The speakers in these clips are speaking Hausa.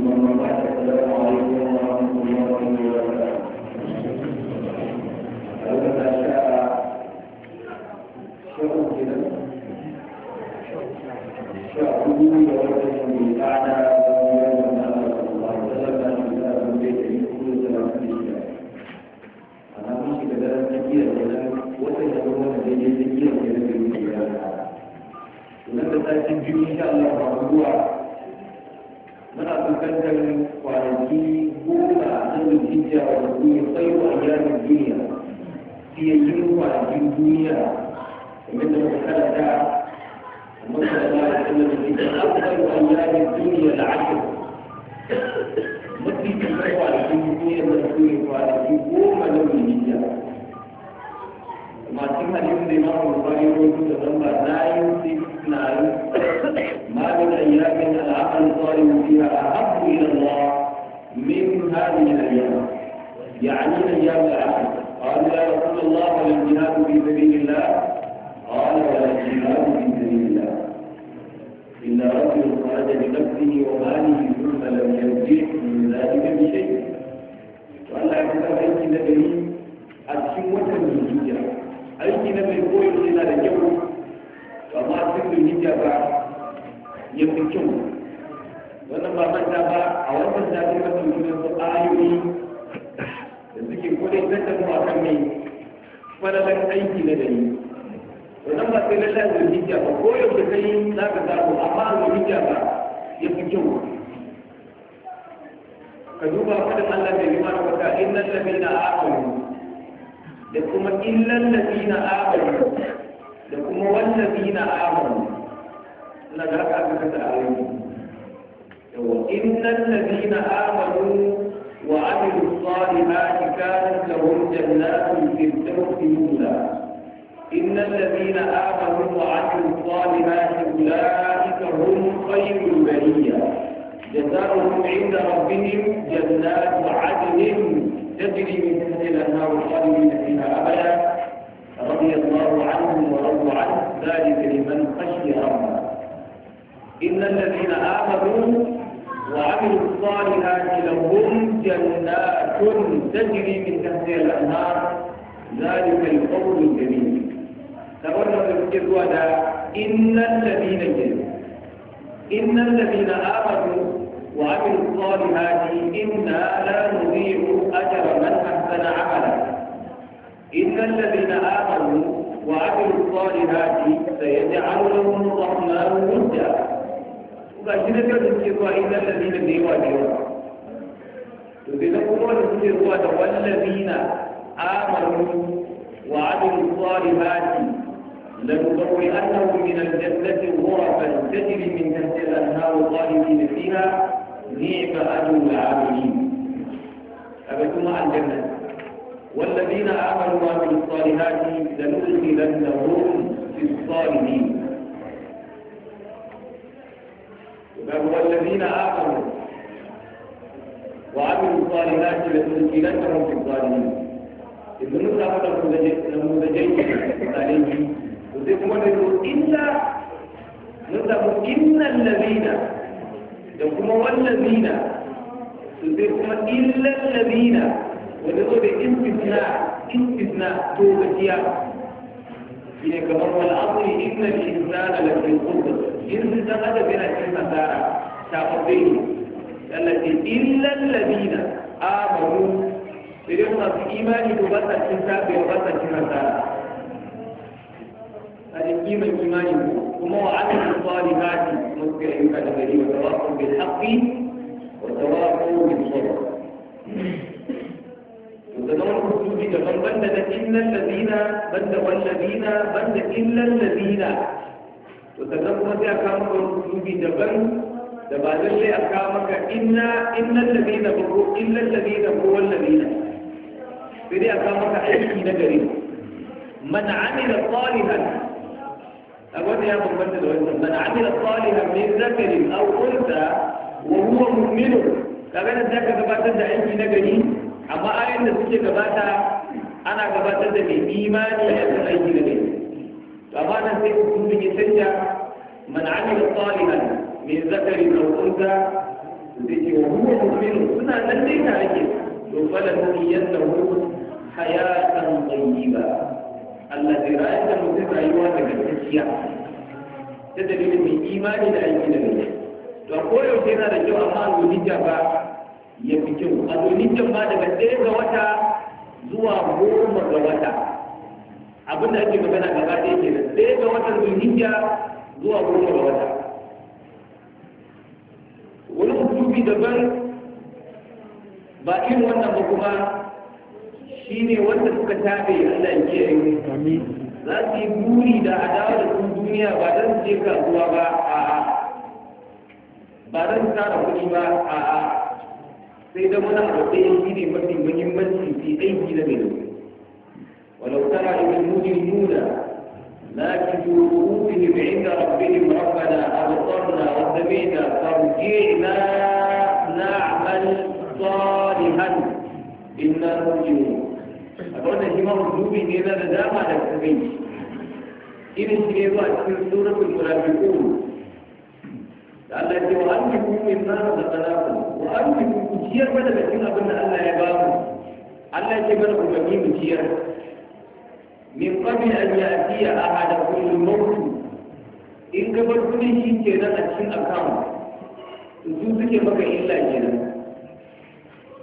Thank you. fiyayyun wajen duniya kamar da muka karanta kamar da Allah ya sanar da shi da akwai wajen duniya da ake mafi kamar wajen duniya da su ne kwanaki goma na miliya masu halin da ma mu bayi rotu da lamba 969 ma min ayyamin al'amal salihu fiha ahabbu ila Allah min hadhihi al-ayyam يعني ايام العقل يا رسول الله الجهاد في سبيل الله قال ولا الجهاد في سبيل الله إلا رجل خرج بنفسه وماله ثم لم ينجح من ذلك بشيء وألا يكتب أيدي نبي أتشم وتم الهجرة اي نبي هو يقول هذا الجو وما سن الهجرة يمكن وأنا ما مدى a wannan zafin masu su ayoyi da suke kudin da ta zuwa kan mai falalar aiki na dare wannan ba sai lalla da hijja ba ko yau da kai za ka samu amma da hijja ba ya fi kyau ka duba kudin Allah da yi mana wata innal ladina amanu da kuma illal ladina amanu da kuma wallazina amanu ina da haka aka kasa a yau yawa innal ladina amanu وعملوا الصالحات كانت لهم جنات في الدرس الاولى ان الذين امنوا وعملوا الصالحات اولئك هم خير البريه جزاؤهم عند ربهم جنات عدن تجري من تحت الانهار خالدين فيها ابدا رضي الله عنهم ورضوا عنه ذلك لمن خشي ربه ان الذين امنوا وعملوا الصالحات لهم جنات تجري من تحتها الانهار ذلك القول الجميل تبرر الكذوة إن الذين جنوا إن الذين آمنوا وعملوا الصالحات إنا لا نضيع أجر من أحسن عملا إن الذين آمنوا وعملوا الصالحات سيجعل لهم الرحمن ودا ga shi na kan suke zuwa inda lalina da yawa da yawa to sai na kuma لنبوئنهم من الجنة غرفا تجري من تحت الأنهار خالدين فيها نعم أجر العاملين أبتما الجنة والذين آمنوا وعملوا الصالحات لندخلنهم في الصالحين الذين آمنوا وعملوا الصالحات لندخلنهم في الظالمين إذ نصرف نموذجين عليهم وزيكم إلا نصرف إن الذين يقوم والذين وزيكم إلا الذين ونقول استثناء استثناء توبة shine kamar wani abu inna al-insana la fi khusr in da kada تأخذهم التي إلا الذين آمنوا برغم في إيمان نبات الكتاب ونبات الرسالة هذه قيمة إيمانهم وما وعدنا الصالحات نذكر إيمان الذي وتواصوا بالحق وتواصوا بالصبر وتدور حدود كمان بند إلا الذين بند والذين بند إلا الذين وتدور حدود كمان حدود da ba lallai a kawo maka inna innan ladina ba ko illan da ko wal ladina sai dai a kawo maka aiki na gari man amila salihan a wanda ya bambanta da wannan man amila salihan min zakarin a unsa wa huwa mu'min kaga da zaka gabatar da aiki na gari amma ayoyin da suke gabata ana gabatar da mai imani a kan aiki na gari to amma nan sai hukumin ya canja man amila salihan min zakari da unta da ke huwa mu'minu suna nan dai ta ake to fala yadda hu hayatan tayyiba Allah zai rayar da mutum rayuwa daga gaskiya ta dalilin mai imani da aiki da gaskiya to a koyaushe yana da kyau amma a zulhijja ba ya fi kyau a zulhijja ba daga ɗaya ga wata zuwa goma ga wata abin da ake magana gaba ɗaya kenan ɗaya ga watan zulhijja zuwa goma ga wata hukunci daban ba irin wannan ba kuma shi ne wanda suka tabe Allah ya kiyaye za su yi buri da adawa da sun duniya ba don su je kasuwa ba a ba don su tara kuɗi ba a sai da muna a tsaye shi ne mafi muhimmanci fi aiki da mai ولو ترى إذ المجرمون لا تجوا رؤوسهم عند ربهم ربنا أبصرنا وسمعنا فارجعنا نعمل صالحا إنا مرجعون أقول لك ما الزوبي إذا ندام على السبيل إذا سيبا في سورة المنافقون التي وأنفقوا مما رزقناكم يكون كثير من الذين أبن الله يبارك الله يكون بكم كثير من قبل أن يأتي أحدكم الموت إن قبل كل شيء كان أكشن أكاونت su suke maka illa kenan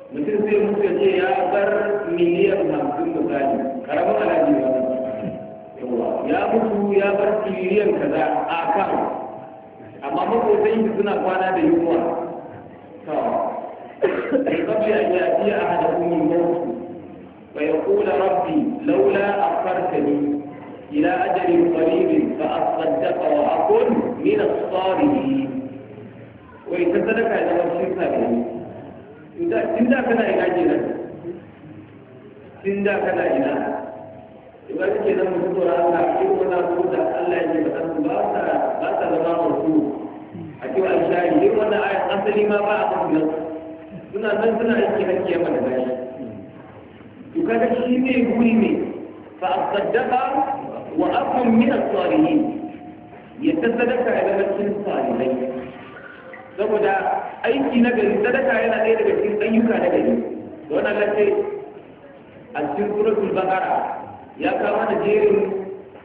mutum zai mutu ce ya bar miliyan hamsin misali karamin alhaji ba ya mutu ya bar miliyan kaza a kan amma makotan suna kwana da yunwa قبل أن يأتي أحدكم a ويقول ربي لولا أخرتني إلى أجل قريب فأصدق وأكن من الصالحين wai ta sadaka da wasu shirka da yi tun da kana ina kenan tun da kana ina ba ke nan mutum da Allah ke wani abu da Allah ya ce ba ta ba ta zama wasu a cewa alshari dai wannan asali ma ba a kan suna nan suna aiki hakki ya mana gashi to kaga shi ne guri ne fa asaddaqa wa akun min as-salihin ya tasadaka ila cikin salihai saboda aiki na gari sadaka yana ɗaya daga cikin ayyuka na gari da wannan lalle a cikin suratul baqara ya kama da jerin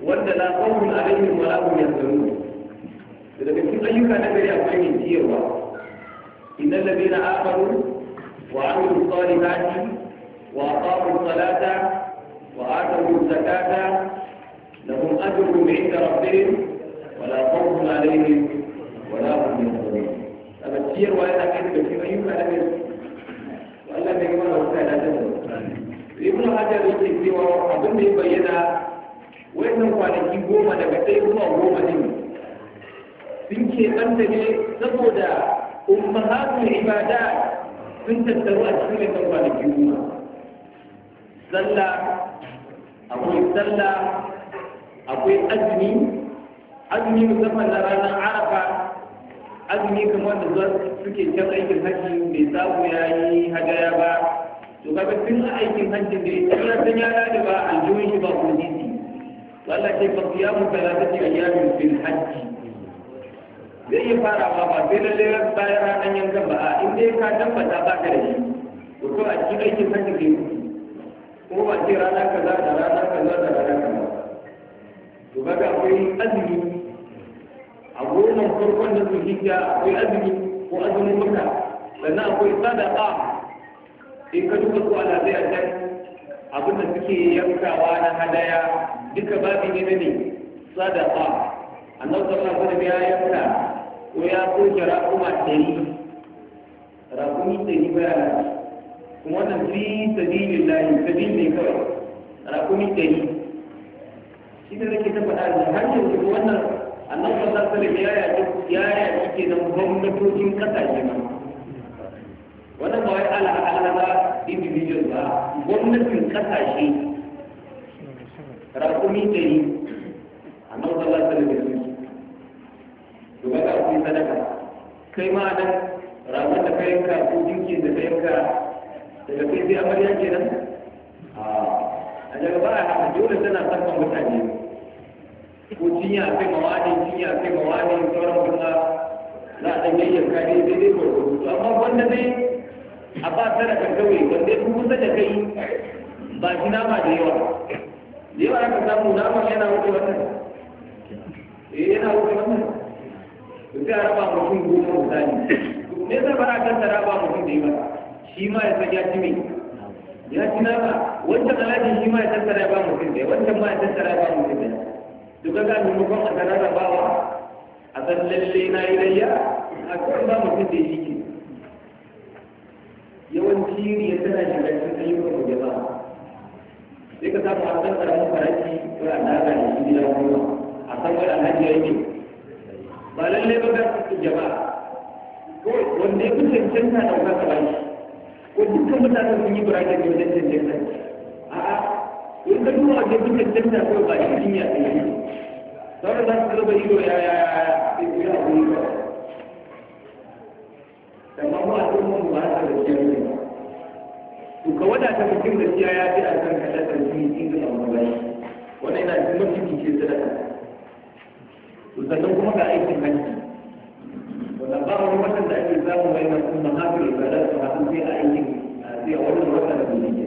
wanda la qawmun alaihim wa la hum yanzurun daga cikin ayyuka na gari akwai ne ciyarwa innal ladina amanu wa amilu salihati wa aqamu salata wa atu zakata lahum ajrun 'inda rabbihim wa la khawfun alaihim ciyarwa yana kai daga cikin ayyuka da mai Allah da mana wuta da ta zan Ibn Hajar yake cewa abin da ya bayyana wannan kwanaki goma daga ɗaya zuwa goma ne sun ke ɓanta ne saboda ummahatul ibada sun tattaru a cikin wannan kwanaki goma sallah akwai sallah akwai azumi azumi musamman na ranar arafa azumi kamar da zuwa suke can aikin hajji bai samu ya yi hadaya ba to kaga tun a aikin hajji da ya tsira san ya rada ba aljihun shi ba kuma jisi to Allah ce ba ya mu talatati ayyamin fil hajji zai iya fara ba sai lalle bayan ranar yankan ba a inda ya ka tabbata ba ka da shi to ko a cikin aikin hajji ne ko ba ce rana kaza da rana kaza da rana kaza to kaga akwai azumi a goma farkon da zulhijja akwai azumi ko azumin muka sannan akwai sadaka in ka duka su ala zai a can abin da suke yankawa na hadaya duka babi ne na ne sadaka annabi sallallahu alaihi wasallam ya yanka ko ya soke raƙuma ɗari raƙumi ɗari baya kuma wannan fi sabilin lahi sabil ne kawai raƙumi ɗari shi da nake ta faɗa har yanzu wannan annabi sallallahu alaihi ya yaji ya yaji kenan gwamnatocin kasashe ma wani ba wai ala ba individual ba gwamnatin kasashe rakumi dari annabi sallallahu alaihi wasallam to ga ka ku sadaka kai ma nan ramin da kayan ka ko jinkin da kayan ka daga kai sai amarya kenan a daga ba a dole tana sakon mutane ko jinya kai mawa ne jinya kai mawa ne sauran kuma za a ɗan yayyanka ne daidai amma wanda ne a ba ka kawai wanda ku kusa da kai ba shi ba da yawa da yawa aka samu nama yana wuce wannan eh yana wuce wannan sai a raba mutum goma misali me yasa ba kan ta mu kun da yawa shi ma ya saki ya ya ci nama wancan alhaji shi ma ya tattara ba ba kun da wancan ma ya tattara ba ba kun da duk da kuma a gana bawa a san lalle na yi layya a kan ba mutum da yi ke yawanci ya tana da cikin ayyukan mu jama'a sai ka samu a san karamin faraki ko a daga da shi gida kuma a san wani alhaji ya yi ba lalle ba ga cikin jama'a ko wanda ya fi cancanta da wata kawai ko dukkan mutanen sun yi burakin da wajen cancanta in ka duba da duka canza ko ba shi jinya ne sauran za su karba ido ya ya ya ya ya ya amma mu a cikin mu ba ta da shi ne to ka wada ta mutum da shi ya ji a kan kada ta ji ji da amma ba shi wannan yana cikin mutum ke sadaka to sannan kuma ga aikin hajji wanda ba wani watan da ake samu mai masu mahafir ibadar da masu sai a aikin sai a wani watan da ke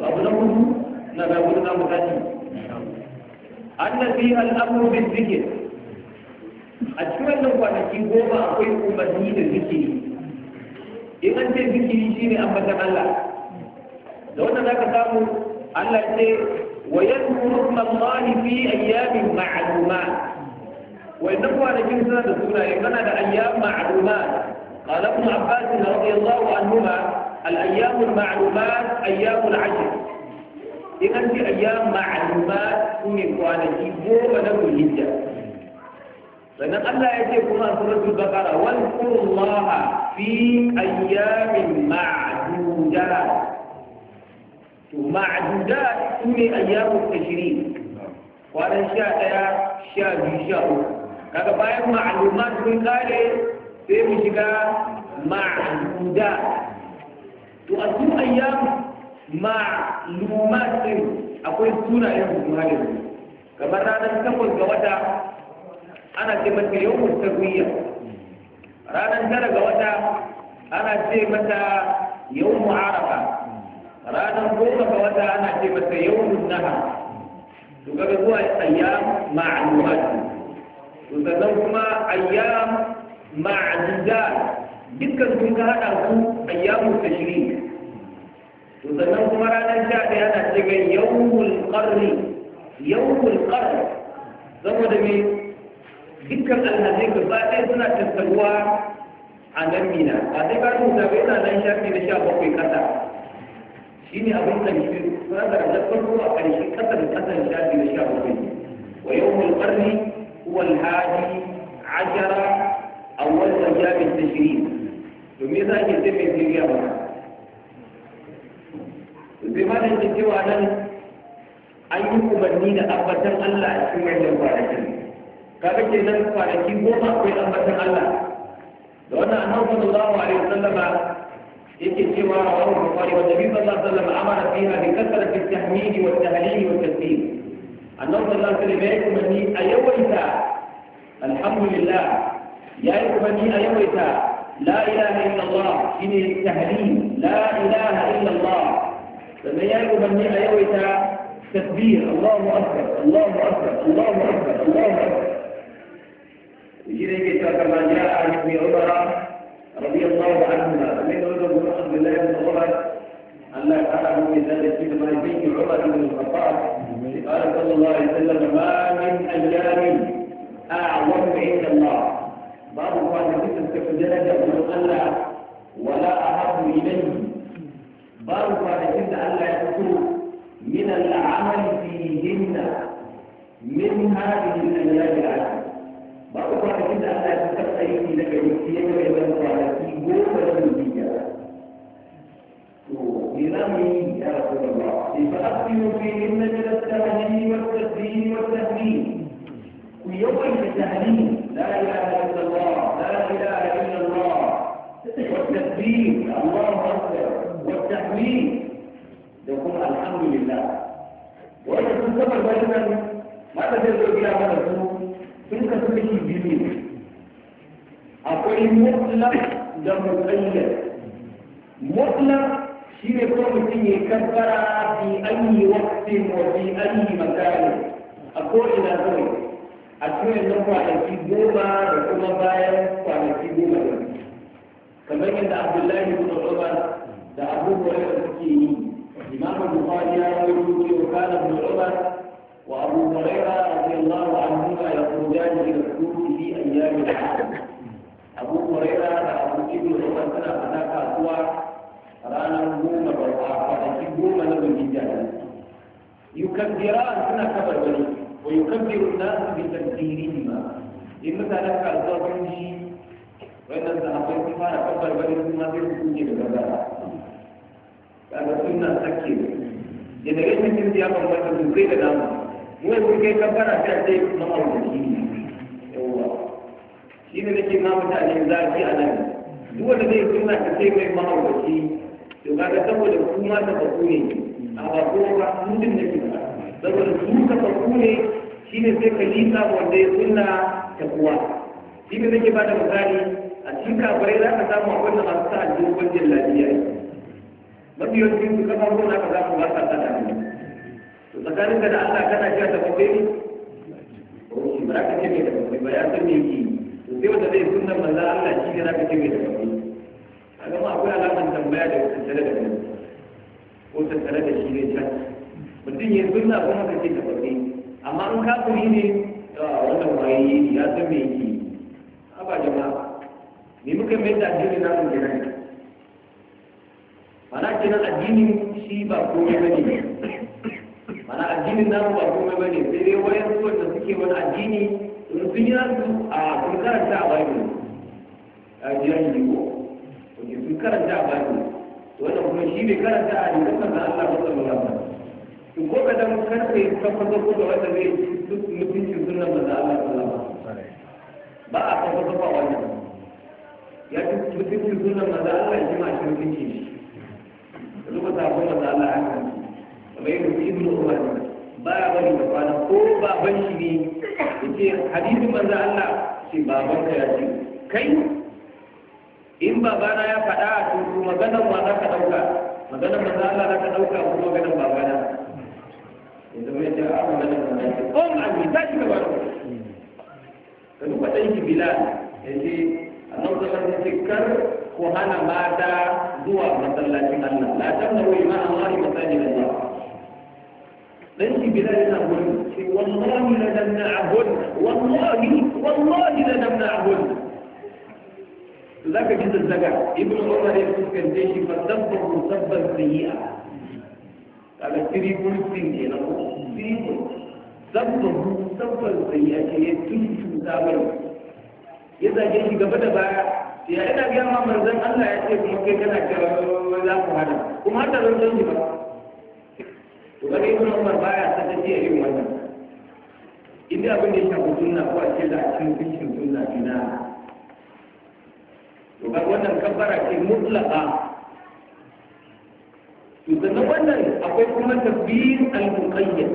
abu na mutum na ga gudu na mutaci annabi al'amru bin zikir a cikin wannan kwanaki goma akwai umarni da zikiri in an ce zikiri shine ambatan Allah da wannan za ka samu Allah ce wa yadhkuru Allah fi ayyamin ma'lumat wa idan kwanakin suna da sunaye kana da ayyam ma'lumat قال ابن عباس رضي الله عنهما الأيام المعلومات أيام العشر in an ce ayyam ma'lumat sune kwanaki goma na zulhijja sannan Allah ya ce kuma a suratul baqara wal qur'ana fi ayyamin ma'dudat to ma'dudat sune ayyamut tashrik kwanan sha ɗaya sha biyu sha uku kaga bayan ma'lumat sun kare sai mu shiga ma'dudat to a cikin ayyam Ma lumatin akwai sunayen hukumar da kamar ranar takwas ga wata ana ce mata yawon tarwiyya ranar tara ga wata ana ce mata yawon mu'arafa ranar goma ga wata ana ce mata yawon naha to ga zuwa ayyam ma'lumat to sannan kuma ayyam ma'dudat dukkan sun ga hada su ayyamu tashrik to sannan kuma ranar sha ɗaya ana ce ga yawmul qarni yawmul qarni saboda me dukkan alhazai gaba ɗaya suna tattaruwa a nan mina a sai ka rubuta bai na nan shafi na sha bakwai kasa shi ne abin da ƙarshe suna da ranar farko a ƙarshe kasa da kasa da shafi na sha bakwai wa yawmul qarni huwa alhaji ashara awwal ayyamin tashrik to me yasa ake sai mai jiriya ba bi ma da cewa nan an yi umarni da ambatan Allah a cikin wannan kwanakin kaga ke nan kwanaki goma akwai ambatan Allah da wannan annabi sallallahu alaihi wasallam yake cewa rawahu bukhari wa nabi sallallahu alaihi wasallam amara fiha bi kasrati at-tahmid wa at-tahlil wa at-tasbih annabi sallallahu alaihi wasallam yake umarni a yawaita alhamdulillah yayi umarni a yawaita la ilaha illallah shine tahlil la ilaha illallah لما يأتي بنيها يوي تكبير الله أكبر الله أكبر الله أكبر الله أكبر يجي لك إذا كما جاء عن عمر رضي الله عنهما من أولا الحمد لله من عمر أن لا تعلم من ذلك في ما يبين عمر بن الخطاب قال صلى الله عليه وسلم ما من أجلام أعظم عند الله بعض الأخوان يقول لك ولا أهب إليه برضى لهم أن يكون من العمل فيهن من هذه الأيام العامة برضى لهم أن لا تتقي في لكي يكتب في في فأقسم فيهن من التهليل والتكريم والتهليل ويوم التهليل لا إله إلا الله لا إله الا الله addini da kuma alhamdulillah wanda sun saba wannan matsalar da gida mana su sun kasu kashi biyu ne akwai mutlaq da mutsayyar mutlaq shi ne kuma mutum ya kabbara fi ayi waqtin wa fi ayi makari a ko'ina kawai a cikin nan kwanaki goma da kuma bayan kwanaki goma da kamar yadda abdullahi bin umar لأبوه عبد الكيني إمام البخاري يقول وكان ابن عمر وأبو هريرة رضي الله عنهما يخرجان إلى الكوفة في أيام العام أبو هريرة رأى ابن عمر سنة هناك أسوا رانا نجوم بالعافية نجوم له الجدال يكبران سنة كبر ويكبر الناس بتكبيرهما إن مثلا كأسوا بنجي وإن الزعفة كبر بني ثم تكون جدا kaga suna hakki ne da rashin jinsi ya bambanta sosai da namu mu yanzu kai kabbara ta ce ma'auraki ne yawwa shi ne nake ma mutane zafi a nan duk wanda zai sunna ka ce mai ma'auraki to kaga saboda kuma ta baku ne a ba ko ba mutum ne ba saboda su ta baku ne shi ne sai ka lisa wanda ya suna ta kuwa shi ne nake ba da misali a cikin kabarai za ka samu akwai da masu sa a jirgin lafiya mafi yawancin su kama ruwan haka za ku ba ta sana ne to tsakanin ka da Allah kana ta kwafe ne ba ka ce mai da ba ya san me yake to sai wanda zai sunan manzan Allah shi ne za ka ce mai da kwafe a gama akwai alamar tambaya da tattare da kai ko tattare da shi ne can mutum ya sunna kuma ka ce ta kwafe amma in kafiri ne wannan waye ya san me yake haba jama'a me muka mai da addini na mu kenan mana kenan addinin shi ba komai ba ne mana addinin na ba komai ba ne sai dai wayan ruwan da suke wani addini in sun yi su a sun karanta a bible a jiran jiko wanda sun karanta a bible wannan kuma shi ne karanta a jiran da allah ba sallallahu alaihi wasallam in ko ka dan karfe kafa ko da wanda zai duk mutuncin sunan da allah sallallahu alaihi ba a kafa kafa wannan ya ci mutuncin sunan da allah ya ji ma shi mutuncin shi duka sabon da Allah ya kan kamar yadda ibn Umar ba ya bari da kwana ko baban shi ne yace hadisi manzo Allah ce baban ka ya ce kai in babana ya faɗa a to maganar wa za ka ɗauka maganar manzo Allah za ka ɗauka ko maganar babana yanzu mai ce a maganar manzo Allah ko ma'ani ta ci gaba da kuma ɗan shi bilal ya ce annabi sallallahu alaihi wasallam ya ce kar ku hana mata zuwa masallacin Allah la tamnu iman Allah yang masajid Allah dan shi bila yana gurin shi wallahi la damna'ahun wallahi wallahi la damna'ahun zaka ji zazzaga ibnu umar ya fuskance shi fa sabbu musabban sayyi'a kaga tiri gurin ne na ku tiri sabbu musabban sayyi'a ke tuntu zabar ya zage shi gaba da baya ya ina biyan ma manzon Allah ya ce kuma kai kana cewa wai za ku hada kuma hada zan canji ba to ga ibn Umar baya ta tafiya irin wannan inda abin da ya shafi sunna ko a ce da a cikin kishin sunna bina to ga wannan kabbara ce mutlaqa to sannan wannan akwai kuma tabbir al-muqayyad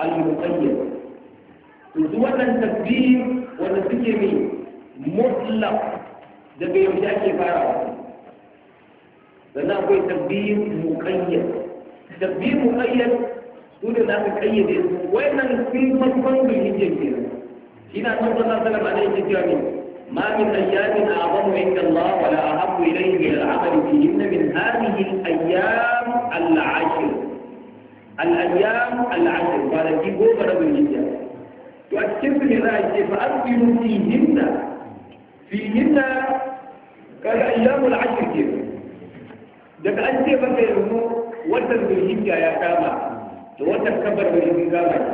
al-muqayyad to duk wannan tabbir wanda suke mai mutlaq daga yaushe ake farawa sannan akwai tabbiyar muƙayyar tabbiyar muƙayyar su da za ka kayyade su wannan sun farkon da yake ke shi na san sallar sallar ba da yake cewa ne ma min ayyamin a'zamu inda Allah wa la ahabbu ilayhi min al-amal fihinna min hadhihi al-ayyam al-'ashr al-ayyam al-'ashr kwanaki goma na bin hijja to a cikin su ne za a ce fa asbiru fihinna fihinna kaga ayyamul ashr ke daga an ce maka yanzu watan zulhijja ya kama da watan kabar zulhijja kama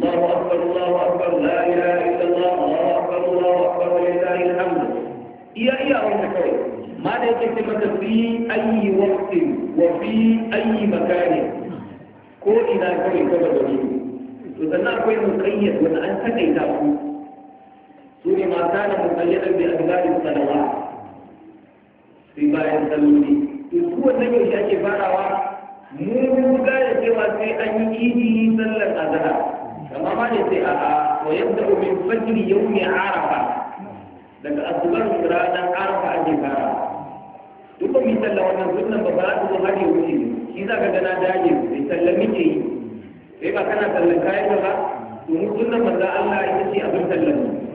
Allahu akbar Allahu akbar la ilaha illallah Allahu akbar Allahu akbar lillahi alhamd iya iya wannan kawai ma da yake ce maka fi ayi waqtin wa fi ayi makani ko ina kawai kabar zulhijja to sannan akwai muqayyad wanda an takaita ku su ne mata da سوري ما كان sai bayan الصلوات to بايع الصلوات يسوى shi ake farawa mu gane cewa sai an yi idi sallar azhar kama ma ne sai a'a wa yabda min yau yawm arafa daga asubar ranar arafa ake fara duk mai sallar wannan sunnan ba za ta zo har yau ce shi za ka gana dage mai sallar muke yi sai ba kana sallar kayan ba to mu sunnan manzo Allah ya ce abin sallar mu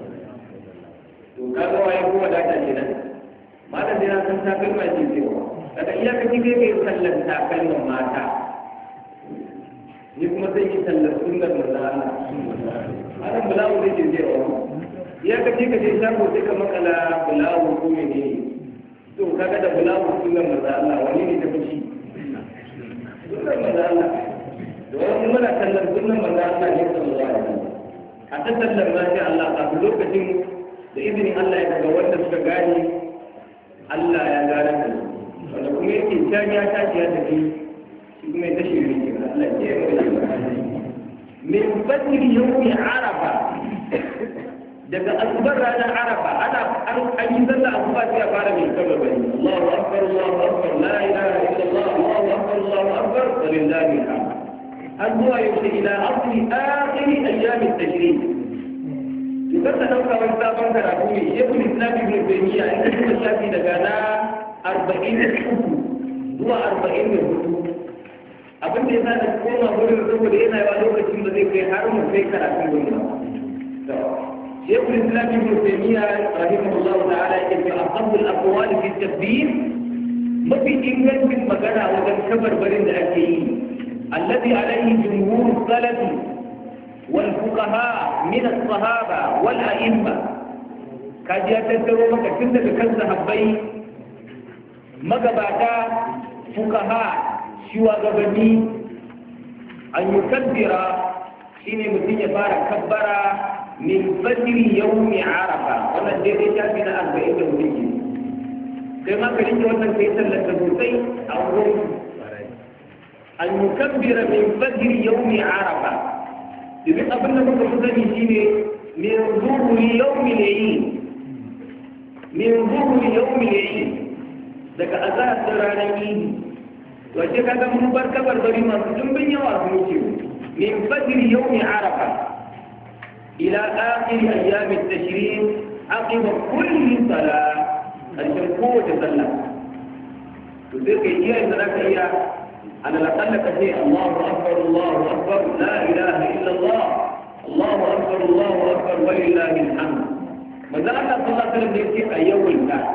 to ka ga waye ko wadata ne nan malam dai na san ta takalma ce cewa daga iyakaci kai kai sallan takalman mata ni kuma sai yi sallar sunnar manzo Allah malam bulawu ne ke cewa iyakaci ka je shago sai ka makala bulawu ko menene to ga da bulawu sunnar manzo Allah wani ne ta fushi sunnar manzo Allah domin muna sallar sunnar manzo Allah ne sallallahu alaihi wasallam a ta sallar ma sai Allah kafin lokacin إذن الله يتجول نفسك قال الله يجعلك ولكم يمكن تاني أتاك يدك يقوم يتشير بك الله يجعلك من بدر يوم عربة لك أكبر على عربة أنا أجيز الله أكبر يا فارم الكبب الله أكبر الله أكبر لا إله إلا الله الله أكبر الله أكبر ولله الحمد الله يمشي إلى أصل آخر أيام التشريك idan ka dauka wani sabon karatu ne ya kuma islami ne bai yi a inda kuma daga na arba'in da uku zuwa arba'in da hudu abin da ya da koma wurin saboda yana yawa lokacin da zai kai har mu kai karatun gudu ba شيخ الاسلام ابن تيميه رحمه الله تعالى يقول اصح الاقوال في التكبير ما في انجاز من مكانها وكان كبر برند الذي عليه جمهور السلف والفقهاء من الصحابة والأئمة كاد يتسروا مكة كنت كنت هبي مقباتا فقهاء شوى غبني أن يكبر حين متين فارا كبر من فجر يوم عرفة وانا ديري شاكنا أربعين متين كما كنت وانا كيسا لتبوتين أو أن يكبر من فجر يوم عرفة domin abin da muka fi sani shi ne min zuhuri yau layi min zuhuri yawmi layi daga azahar ranar yini wace ka ga mun bar kabar bari masu dimbin yawa su muke min fajr yawmi arafa ila akhir ayyam at-tashrik aqiba kulli salat al-shirku wa sallah to sai kai iya da zaka iya أنا لأقل شيء الله أكبر الله أكبر لا إله إلا الله الله أكبر الله أكبر ولله الحمد مزالة الله سلم ديكي أيو الناس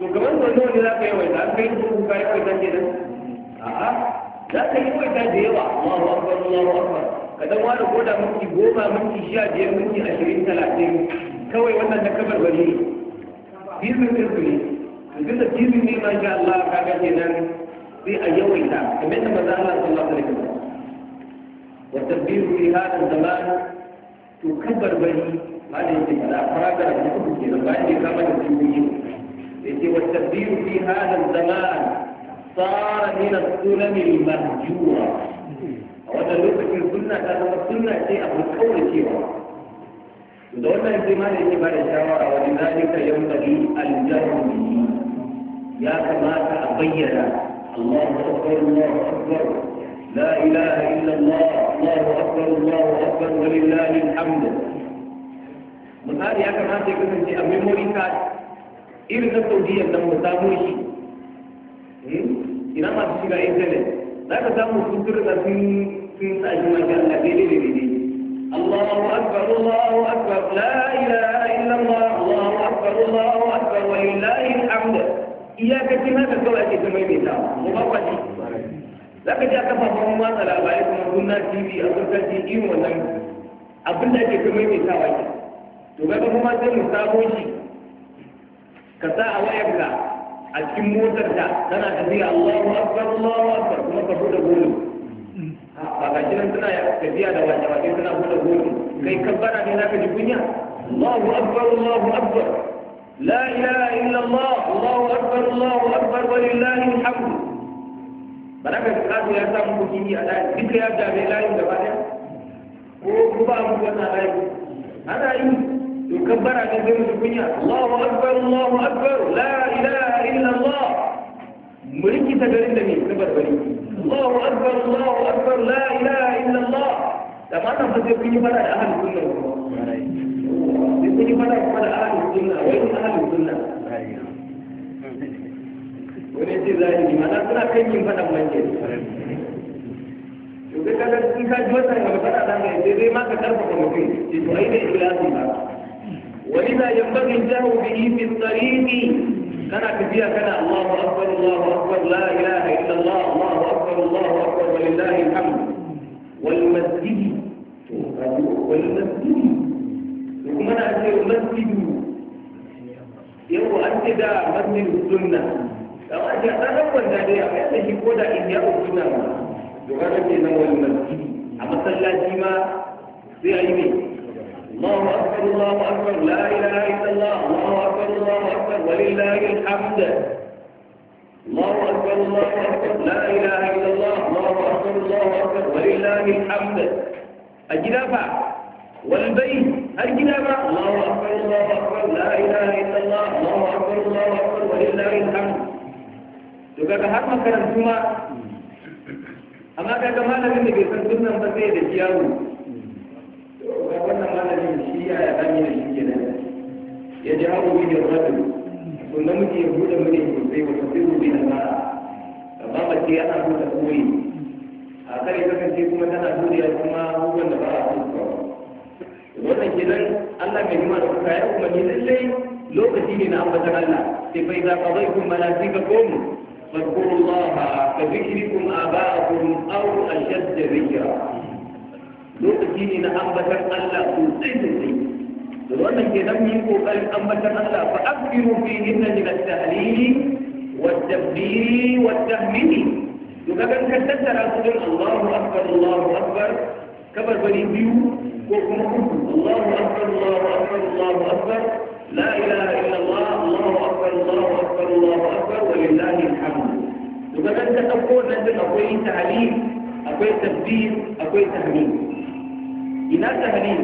تو كمان بلو جدا كيو الناس كيو بلو مكاري كيو تنجي ده لا كيو كيو تنجي الله أكبر الله أكبر kada mu wani أنا minti goma minti sha جاي minti ashirin talatin kawai wannan na kamar gari ne firmin كيف ne a gina firmin ne ma sha sai a yawaita kamar da maza Allah sallallahu alaihi wasallam wa tabbiru fi hada zaman to bari malin da da da kuma ke da bayan da kama da cikin yace wa tabbiru fi hada zaman sara min as-sunan al a wannan lokacin sunna ta zama sunna ce a kawai cewa da wannan ba da shawara ya kamata a bayyana الله أكبر الله أكبر لا إله إلا الله الله أكبر الله أكبر ولله الحمد misali ya kamata ya kasance a memory card irin na saudiya nan mu samu shi ina masu shiga intanet za ka samu sun turka sun sun sa shi masha Allah daidai da daidai Allahu akbar Allahu la ilaha iya ka iyakacin haka kawai ake ta maimaita ko ba kwaji za ka ji a kafafen watsa labarai kuma sunna tv a sunna tv irin wannan abin da ake ta maimaitawa to bai kuma sai mu samu shi ka sa a wayarka a cikin motar ta tana tafiya Allahu akbar Allahu akbar kuma ka bude gurin ba ga shi nan tana tafiya da wace wace tana bude gurin kai kabbara ne za ka ji kunya Allahu akbar Allahu akbar لا إله إلا الله الله أكبر الله أكبر ولله الحمد بلغت قد يا سام بكيني على ذكر يا جابر لا يمدبان هو كبا مجمع لا يمد هذا يمد إيه؟ يكبر على ذكر الدنيا الله أكبر الله أكبر لا إله إلا الله مريك تجرين لني كبر بني الله أكبر الله أكبر لا إله إلا الله لما تفضل بني بلا أهل كل يقولي ماذا يقول أهل السنة وين أهل السنة ونسي ذلك ما نقول كيف من جد to kai kaga in ka ji masa ga fara da mai sai dai ma ka karfafa mutum ki to ai dai ikhlasi ba ولذا ينبغي الجهر به في الطريق كان كثيرا كان الله اكبر الله اكبر لا اله الا الله الله اكبر الله اكبر ولله الحمد والمسجد والمسجد kuma na ce masjidu yau an ce da masjidu sunna amma ce a ɗan kwanta da ya kai ko da in ya ku sunna ma to ka ce wani a masallaci ma sai a yi ne الله أكبر الله أكبر لا إله إلا الله الله أكبر الله أكبر ولله الحمد الله أكبر الله أكبر لا إله إلا الله الله أكبر الله أكبر ولله الحمد أجل والبيت الجنة الله أكبر الله أكبر لا إله إلا الله الله أكبر الله أكبر ولله الحمد تبقى har makarantu ma amma ka ga malamin da bai san sunan ba sai da ciyawu ga wannan malamin shi ya ya dami da shi kenan ya ji hawo bi da kun da ya buɗe mune sosai wata tafsiru bi na mara amma ba ce ana buɗe koyi a kare kasance kuma tana buɗe kuma abubuwan da ba a so wannan kenan Allah mai nima da kuka ya kuma ni lallai lokaci ne na ambatan Allah sai bai za qadaytum manasikakum fadhkuru Allah ka dhikrikum aba'akum aw ashadd dhikra lokaci ne na ambatan Allah sosai sosai da wannan kenan mu yi kokarin ambatan Allah fa akbiru fi inna min at-tahlili wat-tabbiri wat-tahmidi to kaga kan tattara su din Allahu akbar Allahu akbar كبر بني بيو وكم الله أكبر الله أكبر الله أكبر لا إله إلا الله الله أكبر الله أكبر الله أكبر ولله الحمد لقد أنت تقول أنت أقوي تعليم أقوي تبديل أقوي تهليل إنا تهليل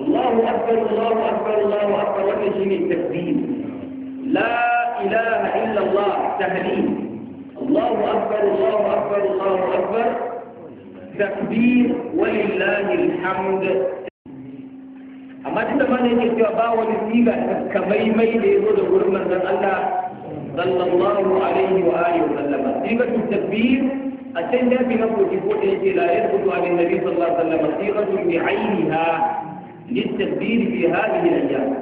الله أكبر الله أكبر الله أكبر ولجم التبديل لا إله إلا الله تهليل الله أكبر الله أكبر, الله أكبر. التكبير ولله الحمد أما تتمنى نجد يتبع والسيبة كمي ميل يقول قرم من الله صلى الله عليه وآله وسلم سيبة التكبير أتنى في نفسه تقول إيه لا يثبت عن النبي صلى الله عليه وسلم سيبة بعينها للتكبير في هذه الأيام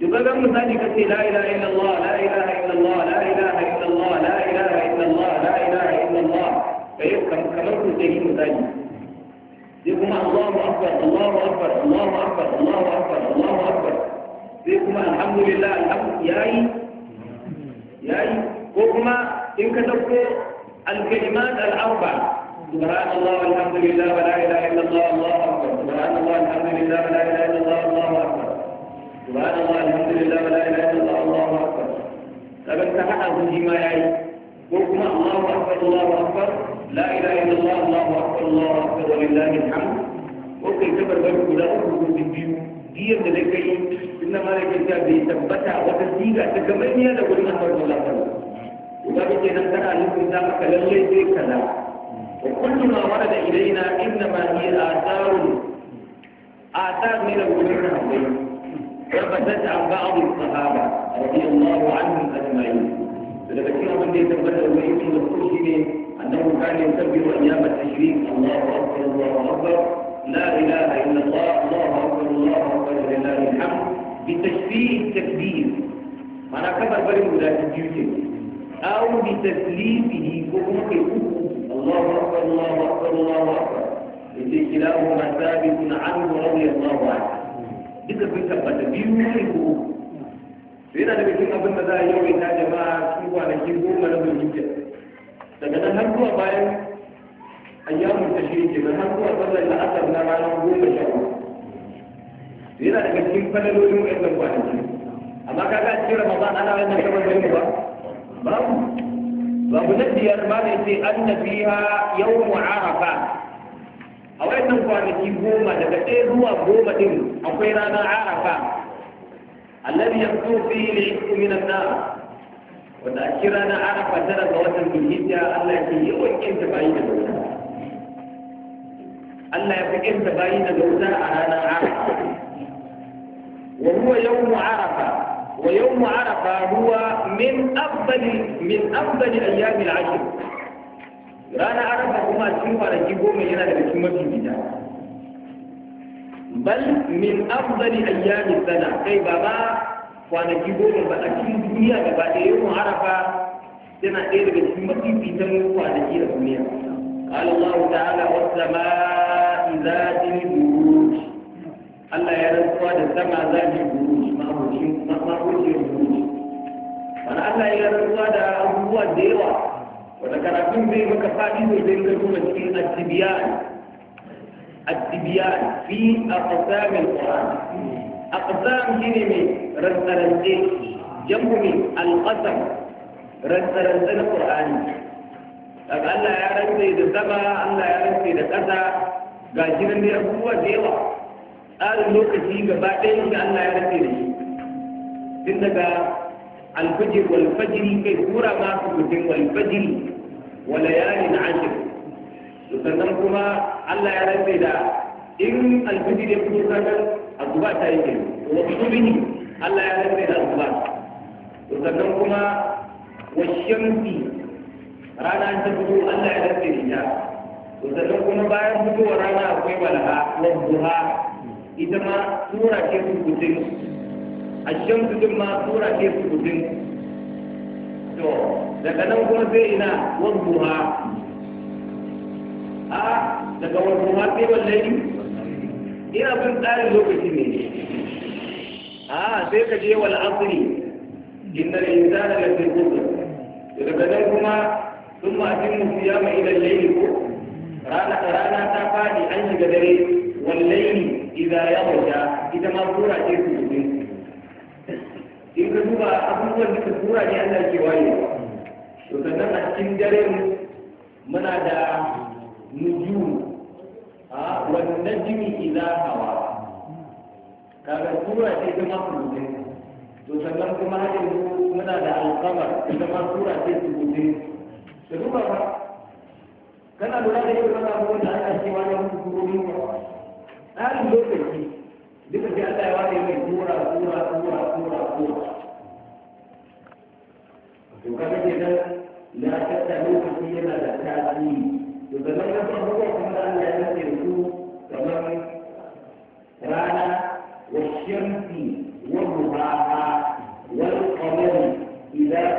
يقول من ذلك لا إله إلا الله لا إله إلا الله لا إله إلا الله لا إله إلا الله لا إله إلا الله kamar ku zai yi misali sai kuma Allahu akbar Allahu akbar Allahu akbar Allahu akbar Allahu akbar sai kuma alhamdulillah alhamdu yayi yayi ko kuma in ka dauko al-kalimat al-arba سبحان الله والحمد لله ولا اله الا الله الله اكبر سبحان الله الحمد لله ولا اله الا الله الله اكبر سبحان الله الحمد لله ولا اله الا الله الله اكبر kaga ta hada su shi ma yayi ko kuma Allahu akbar Allahu akbar لا إله إلا الله الله أكبر الله أكبر ولله الحمد وكي كبر بيت guda uku da biyu diyar da nake yi inna ma nake ta bai tabbata wata siga ta kamar niyya da gurin Allah ta lafiya kuma kake nan kana nufin da maka lalle sai kaza wa kullu inna ma hiya atharun athar ne da gurin Allah ثبتت عن بعض الصحابة رضي الله عنهم أجمعين. لذلك من يتبدل ويمكن الخروج أنه كان يكبر أيام التشريك الله أكبر الله أكبر لا إله إلا الله الله أكبر الله أكبر لله الحمد بتشفيه التكبير أنا كبر بري ولا تجيوته أو بتسليمه كمك الله أكبر الله أكبر الله أكبر إذا كلاهما ثابت عنه رضي الله عنه كيف sun كيف biyu كيف ko كيف sai كيف daga كيف abin كيف za كيف yi كيف ita كيف cikin كيف goma كيف zulhijja daga nan har zuwa bayan ta shi ke nan har zuwa sallar la'asar na ranar goma sha yana daga cikin fadalolin wa'annan kwanaki amma ka kaga cikin a ana wannan kamar zai ba babu babu na biyar ba ne sai biya yawmu arafa a wayannan kwanaki goma daga ɗaya zuwa goma ɗin akwai ranar arafa alladhi yaqtu fihi al-'ilmu min an nan. wanda a kira na arafa tara ga watan bilhijja Allah ke yi wa kinta bayi daga wuta Allah ya fi kinta bayi daga wuta a ranar arafa wa huwa yawmu arafa wa yawmu arafa huwa min afdali min afdali ayyami al-ashr ranar arafa kuma cikin kwanaki goma yana daga cikin mafi gida bal min afdali ayyami sana kai baba kwanaki goma ba a cikin duniya da ba da yawan arafa yana ɗaya daga cikin ma kwanaki a duniya قال الله تعالى والسماء ذات البروج الله يرزقها السماء ذات البروج ما هو شيء ما هو شيء البروج فأنا الله يرزقها أبوها ديوة وذكرتم به مكفاتي وبين كلمة التبيان التبيان في أقسام القرآن aqsam shine mai rantsarantse jam'u mai alqasam rantsarantse na qur'ani daga Allah ya rantse da sama Allah ya rantse da ƙasa ga shi nan da abubuwa da yawa tsarin lokaci gaba ɗaya shi Allah ya rantse da shi tun daga alfajir wal fajri kai kura ma su gudun wal fajri wa layalin ashir sannan kuma Allah ya rantse da in alfajir ya azuba ta yi kenan wa ni Allah ya rantsa da to sannan kuma wa shamsi rana ta fito Allah ya rantsa da to sannan kuma bayan fitowar rana akwai walha wa duha ita ma tura sura ce a ashamsu din ma ke ce kuɗi to daga nan kuma sai ina wa duha a ah, daga wa duha sai wallahi ina bin tsarin lokaci ne a sai ka je wal asri innal da lafi kusa daga nan kuma sun ma musu ya mai idan laini ko rana rana ta fadi an shiga dare wani laini idan ya yaghsha ita ma tura ce su in ka duba abubuwan da tura ne an ke waye to sannan a cikin dare muna da nujuru wannan najmi idza hawa kaga sura ce ta mafrutin to sannan kuma hadin muna da alqamar ita ma sura ce subutin to duba ba kana lura da irin abubuwan da aka ce wani hukumomi ba tsarin lokaci duka sai Allah ya ware mai tura tura tura tura tura to kaga kenan la tattalu yana da tasiri وزمان مثلا هو كما أن يأتي الوجوه والشمس وضحاها والقمر إذا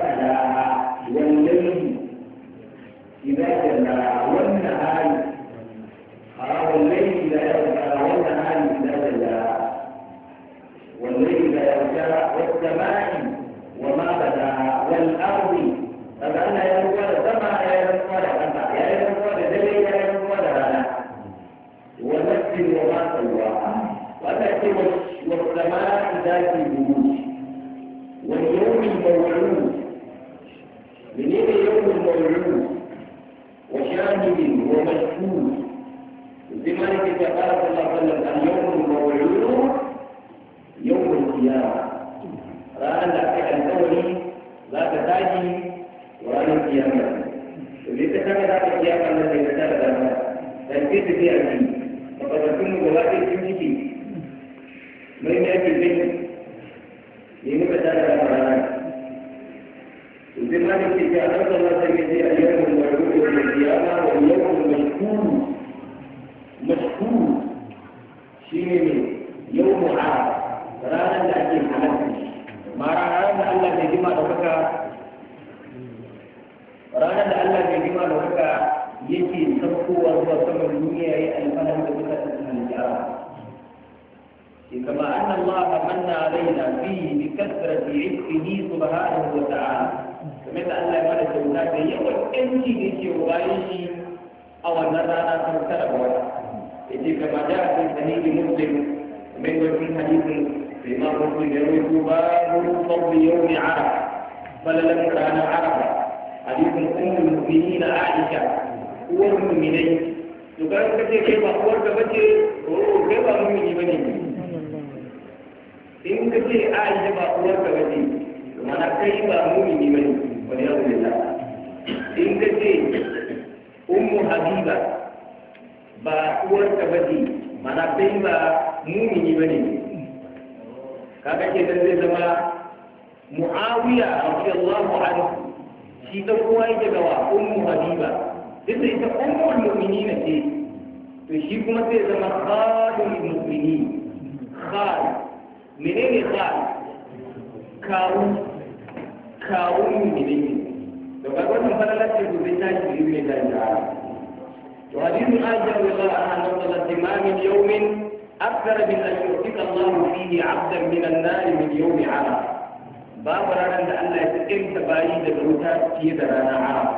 shi ɗan uwa yake gawa ummu habiba duk da ita ummul mu'minina ce to shi kuma sai zama khalul mu'mini khal menene khal kawu kawu mu'mini da ba wannan falala ce ko zai tashi shi ne da ta'ala to hadisin aisha radiyallahu anha nazalat ma min yawmin أكثر من أن يعتق الله فيه عبدا من النار من يوم عرفة babu ranar da Allah ya fi ta bayi daga wuta fiye da rana arab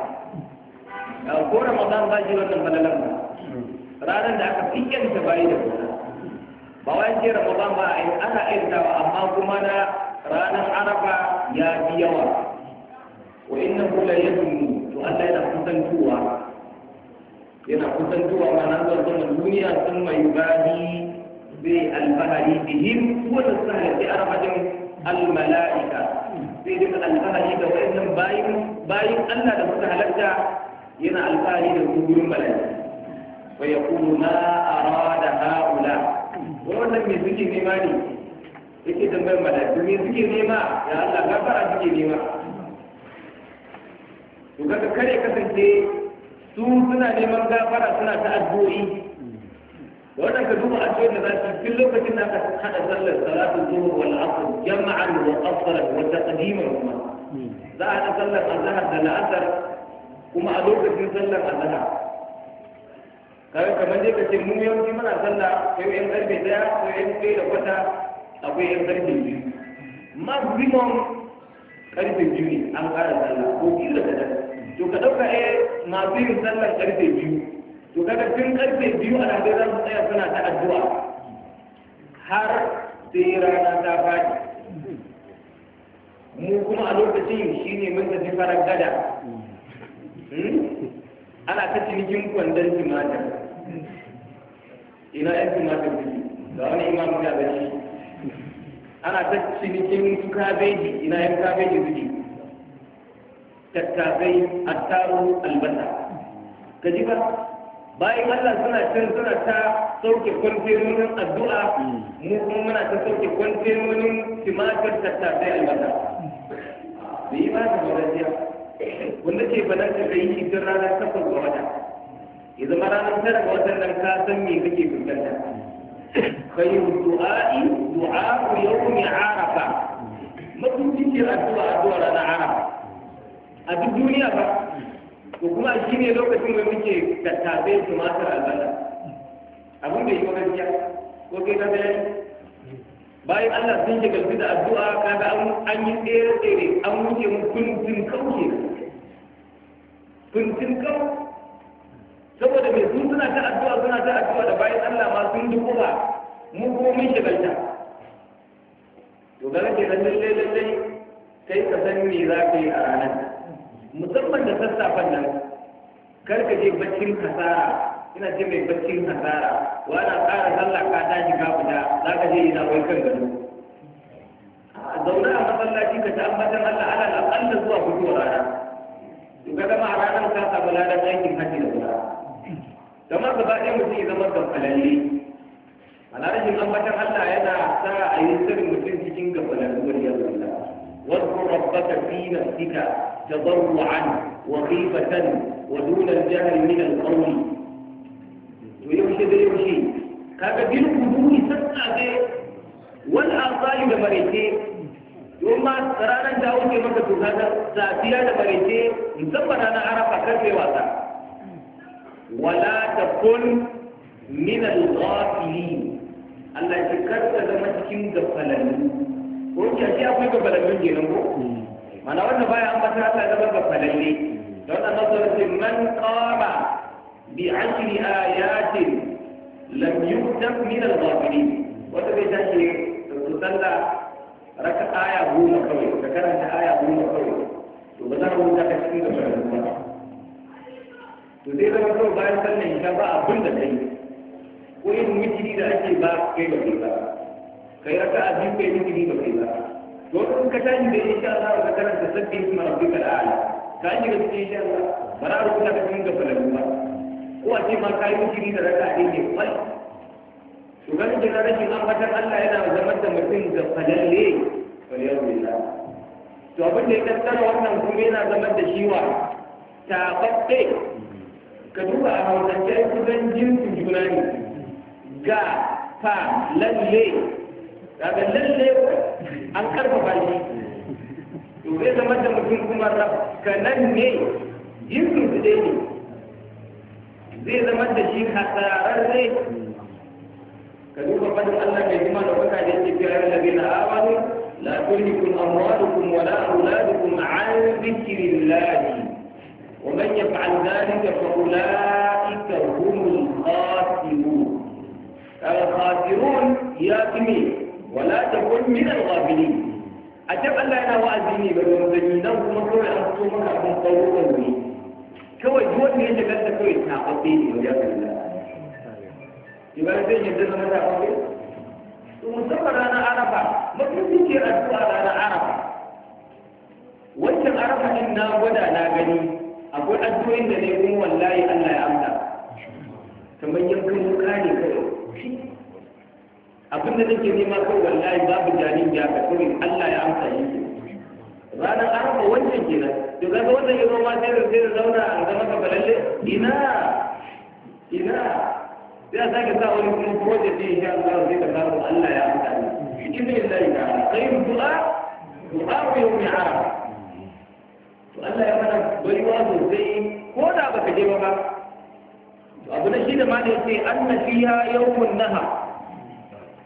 a ko ramadan ba ji wannan balalan ba ranar da aka fi ta bayi da wuta ba wai ce ramadan ba ana ba amma kuma na ranar Arafa ya fi yawa wa inna kula ya to Allah yana kusantuwa yana kusantuwa ma nan zuwa zama duniya sun mai bayi bai alfahari bihim wanda suka Arafa arabajin al-mala'ika sai duka alfahari ga wayannan bayin bayin Allah da suka halatta yana alfahari da su gurin mala'ika wa yaqulu ma arada haula wannan mai suke nema ne yake tambayar mala'ika me suke nema ya Allah gafara suke nema to kaga kare kasance su suna neman gafara suna ta addu'o'i wannan ka duba a cikin da zaki tun lokacin da ka hada sallar salatu zuhur wal asr jama'an wa qasran wa taqdiman kuma za a hada sallar azhar da la'asar kuma a lokacin sallar azhar kawai kamar dai ka ce mu yawanci muna sallah yau yan karfe daya ko yan kai da kwata akwai yan karfe biyu maximum karfe biyu ne an kara sallah ko kila da to ka dauka eh masu yin sallar karfe biyu to kaga tun karfe biyu a nan za su tsaya suna ta addu'a har sai rana ta fadi mu kuma a lokacin shine mun tafi farar gada hmm? ana ta cinikin kwandon tumatir ina yan tumatir suke da wani imamu ya da ana ta cinikin kabeji ina yan kabeji suke tattafai attaru albasa ka ji ba bayan Allah suna can suna ta sauke kwantenonin addu'a mu kuma muna ta sauke kwantenonin timatir tattasai albasa da yi ba ta wadatiya wanda ce ba za ka kai shi ranar takwas ga wata ya zama ranar tara ga watan nan ka san me kake fuskanta khayru du'a'i du'a'u yawmi arafa mutum cikin addu'a addu'a ranar arafa a duk duniya ba to kuma shi ne lokacin da muke su masu albasa abin da yi wa gaskiya ko kai ta bayani bayan Allah sun shiga da addu'a kaga an yi tsere tsere an wuce mu kuntun kauye kuntun kau saboda mai sun suna ta addu'a suna ta addu'a da bayan Allah ma sun kuma mu ko mun shigalta to ga ke lalle lalle kai ka san me za ka yi a ranar musamman da sassafen nan karka je baccin hasara ina ce mai baccin hasara wa ana tsara sallah ka ta ka guda za ka je ina wai kan gado a zauna a masallaci ka ta ambatan Allah ana na al'alla zuwa fito rana to ka zama a ranar ka samu ladar aikin hajji da kula zama gaba ɗaya mutum ya zama gafalalle a rashin ambatan Allah yana sa a yi sirrin mutum cikin gafalalluwar yanzu واذكر ربك في نفسك تضرعا وخيفة ودون الجهل من القول ويمشي بيمشي كاكا بالقدوم سبع بيه والآثار لمريتين يوم ما رانا جاوز يوم تكون هذا ساتيا لمريتين مسمى رانا عرفة كيف واسع ولا تكن من الغافلين الله يذكرك لما تكون غفلان ko kyaki akwai gabalallun kenan ko hmm. mana wanda baya an fata Allah zama gabalalle don annabi sallallahu alaihi man qama bi ashri ayatin lam yuktab min al-ghafilin wata bai tashi su salla raka aya goma kawai ka karanta aya goma kawai to ba za ka wuta ka cikin gabalallun ba to zai zama kawai bayan sallan ka ba abin da kai ko yin wujiri da ake ba kai da kai ba kai raka a biyu kai zikiri ba kai ba to in ka yi da insha Allah ka karanta sabbi isma da al'ala ka yi ga cikin insha Allah ba za a rubuta ka cikin ga falalu ba ko a ce ma ka yi zikiri da raka a ɗaya kwai to ganin da rashin ambatar Allah yana zama da mutum ga falalle faliyar billah to abin da ya tattara wannan kuma yana zama da shi wa taɓaɓɓe ka duba a hausance kusan jinsin juna ne ga fa lalle daga lalle an karfafa shi to zai zama da mutum kuma rafkanan ne jinsin su dai ne zai zama da shi hasararre ka duba fadin Allah mai hima da kuka da yake kira da bin amanu la tulhikum amwalukum wa la auladukum an dhikrillahi ومن يفعل ذلك فأولئك هم الخاسرون الخاسرون يا كمين wala takun min al-ghafilin a can Allah yana wa'azi ne ga ruwan gani nan kuma kawai an fito maka abin tsaro da wuri kawai duk wanda ya shigar da kawai tafafe ne wajen Allah ibada zai yadda zama ta tafafe musamman ranar arafa mutum suke addu'a ranar arafa wancan arafa din na gwada na gani akwai addu'o'in da ne kuma wallahi Allah ya amsa kamar yankan wuka ne kawai abin da nake nema kai wallahi babu jarin ya ka kawai Allah ya amsa yi ranar arba wancan kenan to kaga wannan yazo ma sai da sai da zauna a zama ka balalle ina ina sai a sake sa wani kuma ko project din ya Allah sai ka samu Allah ya amsa yi inna lillahi ta'ala khairu du'a du'a yawmi a, to Allah ya mana baiwa sosai ko da baka je ba abu na shi da ma da yake an na fiya yawmun naha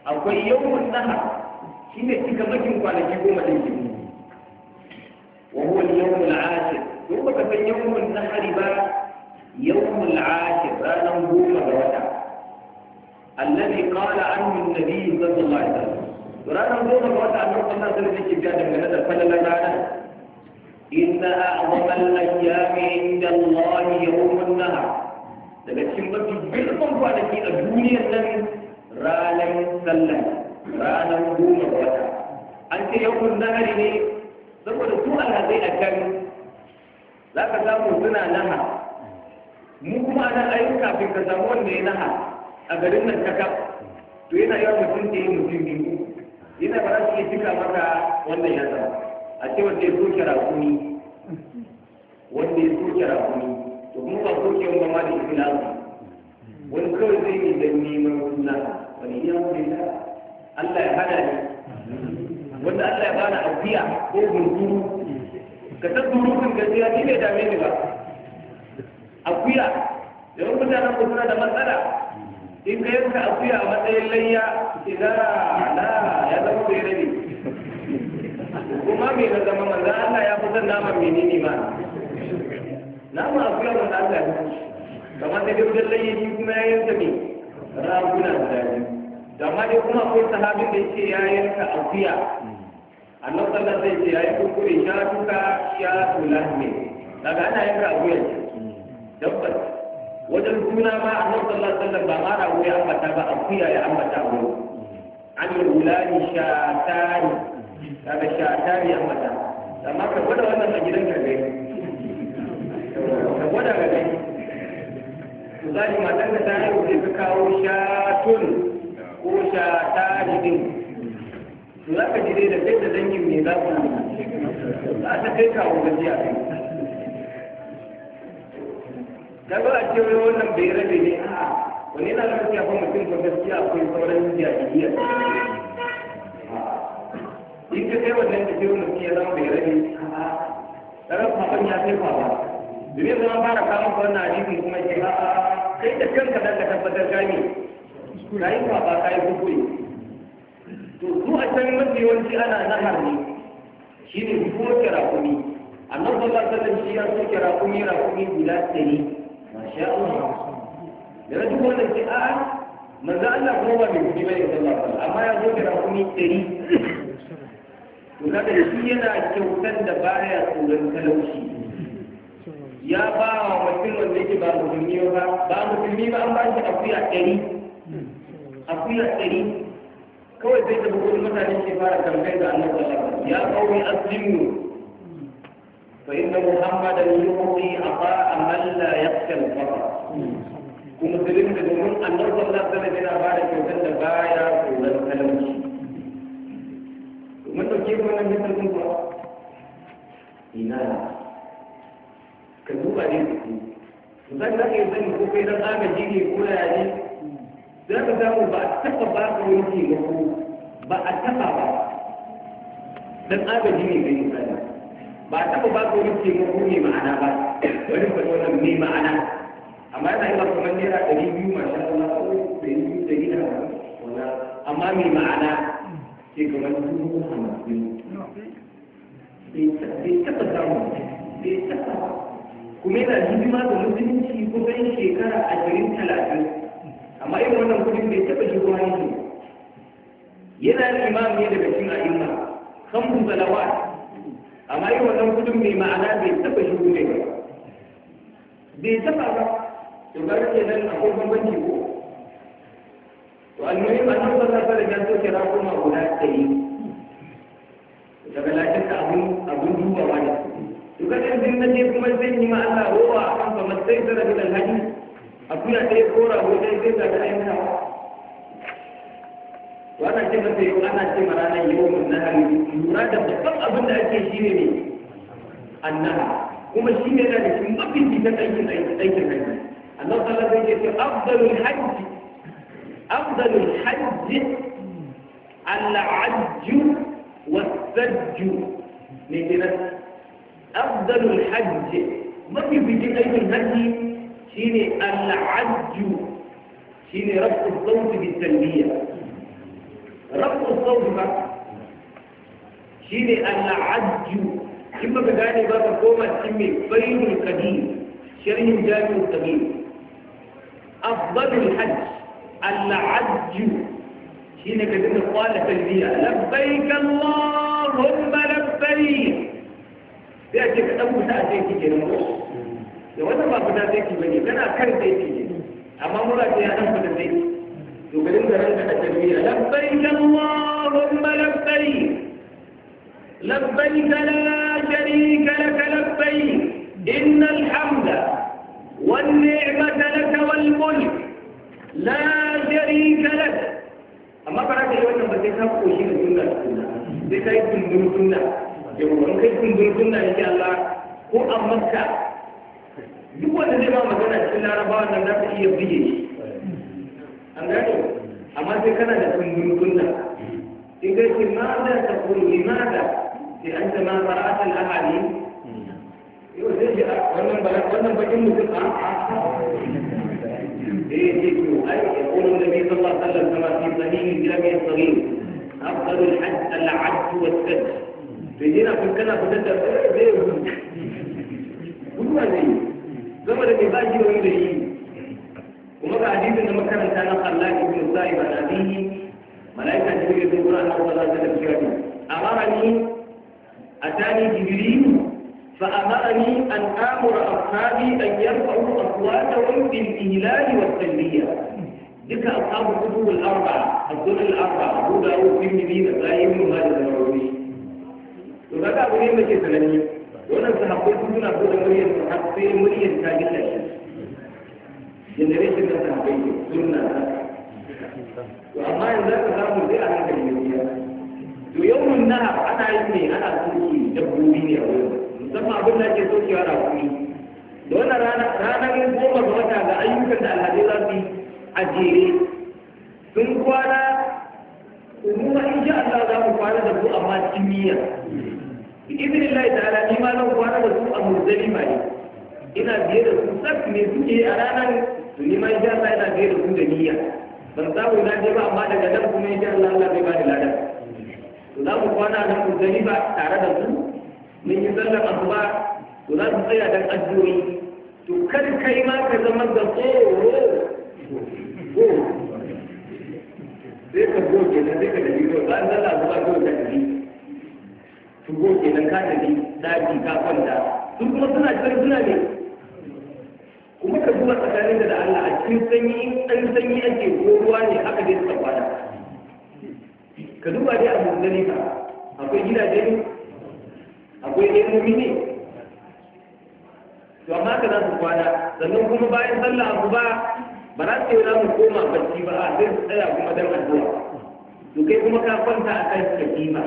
akwai yawon nahar shi ne cika makin kwanaki goma da ke wa huwa yawon al'ashir don baka san yawon nahari ba yawon al'ashir ranar goma da wata allazi qala anhu an-nabi sallallahu alaihi wasallam ranar goma da wata annabi sallallahu alaihi wasallam yake biya dangane da falalar ranar إن أعظم الأيام عند الله يوم النهر daga cikin mafi girman kwanaki a duniyar nan ranar sallah ranar goma wata an ce na hari ne saboda su zai a can za ka samu suna naha mu kuma ana ayyuka kafin ka samu wanda ya naha a garin nan ta kaf to yana yawan mutum ke yi mutum biyu yana ba za su iya cika maka wannan ya zama a ce wanda ya soke rakuni wanda ya soke rakuni to kuma ba soke wani ma da izina wani kawai zai yi don neman suna iyamu billah Allah ya hada ni wanda Allah ya bani afiya ko gunguru ka ta durukun gaskiya ni bai dame ni ba akuya yawan mutanen ku suna da matsala in ka yanka akuya a matsayin layya idan na ya zama bai rabe kuma mai na zama manzo Allah ya fi son naman menene ma nama akuya manzo Allah ya fi kamar da dai wajen kuma ya yanka me raguna da biyu dama dai kuma akwai sahabin da yake ya yanka afiya a sallallahu zai wasallam ya yi kuskure ya tuka ya ne daga ana yanka ce dabbar wajen juna ma a sallallahu alaihi wasallam ba ma da wuya ambata ba afiya ya ambata wuya an yi wulani shatani daga shatani ambata amma ka gwada wannan a gidan ka gani ka gwada ga gani misali matan da ta yi wuce ka kawo shatun ko sha tarihin to za ka jide da kai da dangin mai za ku za ta kai kawo gaji a kai da ba a ce wani wannan bai rabe ne a wani yana da gaskiya ko mutum ko gaskiya akwai sauran jahiliya in ka kai wannan da ke mutum ya zama bai rabe a ɗarar kwakwon ya kai kwakwon domin zama fara kama wannan hadisi kuma ke a kai da kanka da ka tabbatar gami na yi ba ka yi kuskure to su a can mafi yawanci ana nahar ne shi ne soke rakumi annan sallar sallar shi ya soke rakumi rakumi guda ɗari masha Allah da na duk wannan ce a'a manzo Allah kuma ba mai kuɗi bane sallar sallar amma ya soke rakumi ɗari to na kaga shi yana kyautan da baya tsoron talauci ya ba wa mutum wanda yake ba musulmi ba ba musulmi ba an ba shi akuya ɗari akuya ɗari kawai zai tafi wani mutane ke fara tambayar da annabi sallallahu ya kawai aslimu fa inna muhammadan yuqi aqa amal la yaqtal faqat ku musulunta domin annabi sallallahu alaihi yana ba da kyautar da baya tsoron talauci mun ɗauke wannan misalin ba ina ka duba ne zan ka ke sani ko kai dan agaji ne ko yaya za ka samu ba a taɓa ba ka wani ba a taɓa ba dan agaji ne ga misali ba a taɓa ba ka wani ko mai ma'ana ba wani faɗi wannan mai ma'ana amma yana yi kamar naira ɗari biyu masha Allah ko ɗari biyu ɗari da amma mai ma'ana sai kamar dubu hamsin bai taɓa samu bai taɓa kuma yana hidima ga musulunci kusan shekara ashirin talatin amma irin wannan kudin bai taɓa shigo hannu yana da imam ne daga cikin a'imma kamfun salawat amma irin wannan kudin mai ma'ana bai taɓa shigo ne bai taɓa ba to ga ke nan akwai bambanci ko to almuhim an taɓa zafa da ya soke rakuma guda tsaye daga lafiyar abun dubawa wani to kasan din na je kuma zai yi ma Allah rowa a kan fa masai zara gidan hadisi akuya ɗaya ko rago ɗaya zai zaɓi ainihawa wannan ce masa yau ana ce ma ranar yau mun na hari lura da babban abin da ake shi ne ne annaha kuma shi ne yana da shi mafi fitan aikin aikin hajji Allah sallallahu alaihi wasallam ya ce afdalul hajji afdalul hajji العج والسج من أفضل الحج ما في بيجي أي الهدي شيني العج شيني ربط الصوت بالتنبيه ربط الصوت بقى شيني العج كما بجاني بابا كوما تسمي فريد القديم شرح جامع القديم أفضل الحج العج شيني كذب قال تنبيه لبيك اللهم لبيك تأتي كتبه تأتي كده da wannan ba guda zai ba ne tana kan zai ne amma mura ce ya dan fita zai to garin da ranka da tarbiya labbai ma labbai labbai la sharika laka labbai innal hamda wan ni'mata laka wal mulk la sharika lak amma fara ka yi wannan ba sai ka koshi da sunna sai ka yi kundin sunna yau wani kai sunna yake Allah ko a makka duk wanda zai ba magana cikin larabawa nan za ka iya bige shi an gane amma sai kana da kumbin kunna in ga ce ma za ta kuru ne ma za sai an ta ma fara'atul ahali yau zai ce wannan wannan bakin mutum a ايه ذكر اي يقول النبي صلى الله عليه وسلم كما في صحيح الجامع الصغير افضل الحج العد والسد في دينا في الكلام بدل ايه كل ما zama da mai bashi wani da yi kuma ga hadisin da makaranta na Allah ibn Sa'i ba da bihi malaika jibril zai gura na wala da tafiya amarani atani jibril fa amarani an amura ashabi an yarfa'u aswatahum bil ihlal wat tanbiya duka ashabu kutub al arba azul al arba abu dawud bin nabi da ibn majah da rawi to kaga abu ne ke sananne wannan sahabbai sun suna so da ta sahabbai muryar ta gilla shi generation na sahabbai ne sunna ta to amma yanzu ka samu sai a hankali ne biya to yawon nahar ana yi ne ana soke dabbobi ne a wurin musamman abin da ake sokewa na kuɗi da wannan ranar goma ga wata ga ayyukan da alhaji za su yi a jere sun kwana kuma in sha Allah za mu kwana da ku amma cikin niyya bi Allah ta da ala ma zan kwana da su a murzali mai ina biye da su tsaf ne suke a ranar to ni ma insha Allah ina biye da su da niyya ban samu na je ba amma daga nan kuma insha Allah Allah bai ba ladan to za mu kwana nan murzali ba tare da su mun yi sallar asuba to za su tsaya dan addu'o'i to kar kai ma ka zama da tsoro sai ka goge na sai ka dalilo ba Allah ba ko da dalilo shigo kenan ka tafi daji ka kwanta su kuma suna can suna ne kuma ka zuwa tsakanin da Allah a cikin sanyi in ɗan sanyi ake ko ruwa ne haka dai suka kwana ka duba dai a ka akwai gidaje ne akwai ɗemomi ne to amma ka za su kwana sannan kuma bayan sallah abu ba ba za su yi za mu koma bacci ba a sai su tsaya kuma dan addu'a to kai kuma ka kwanta a kan katifa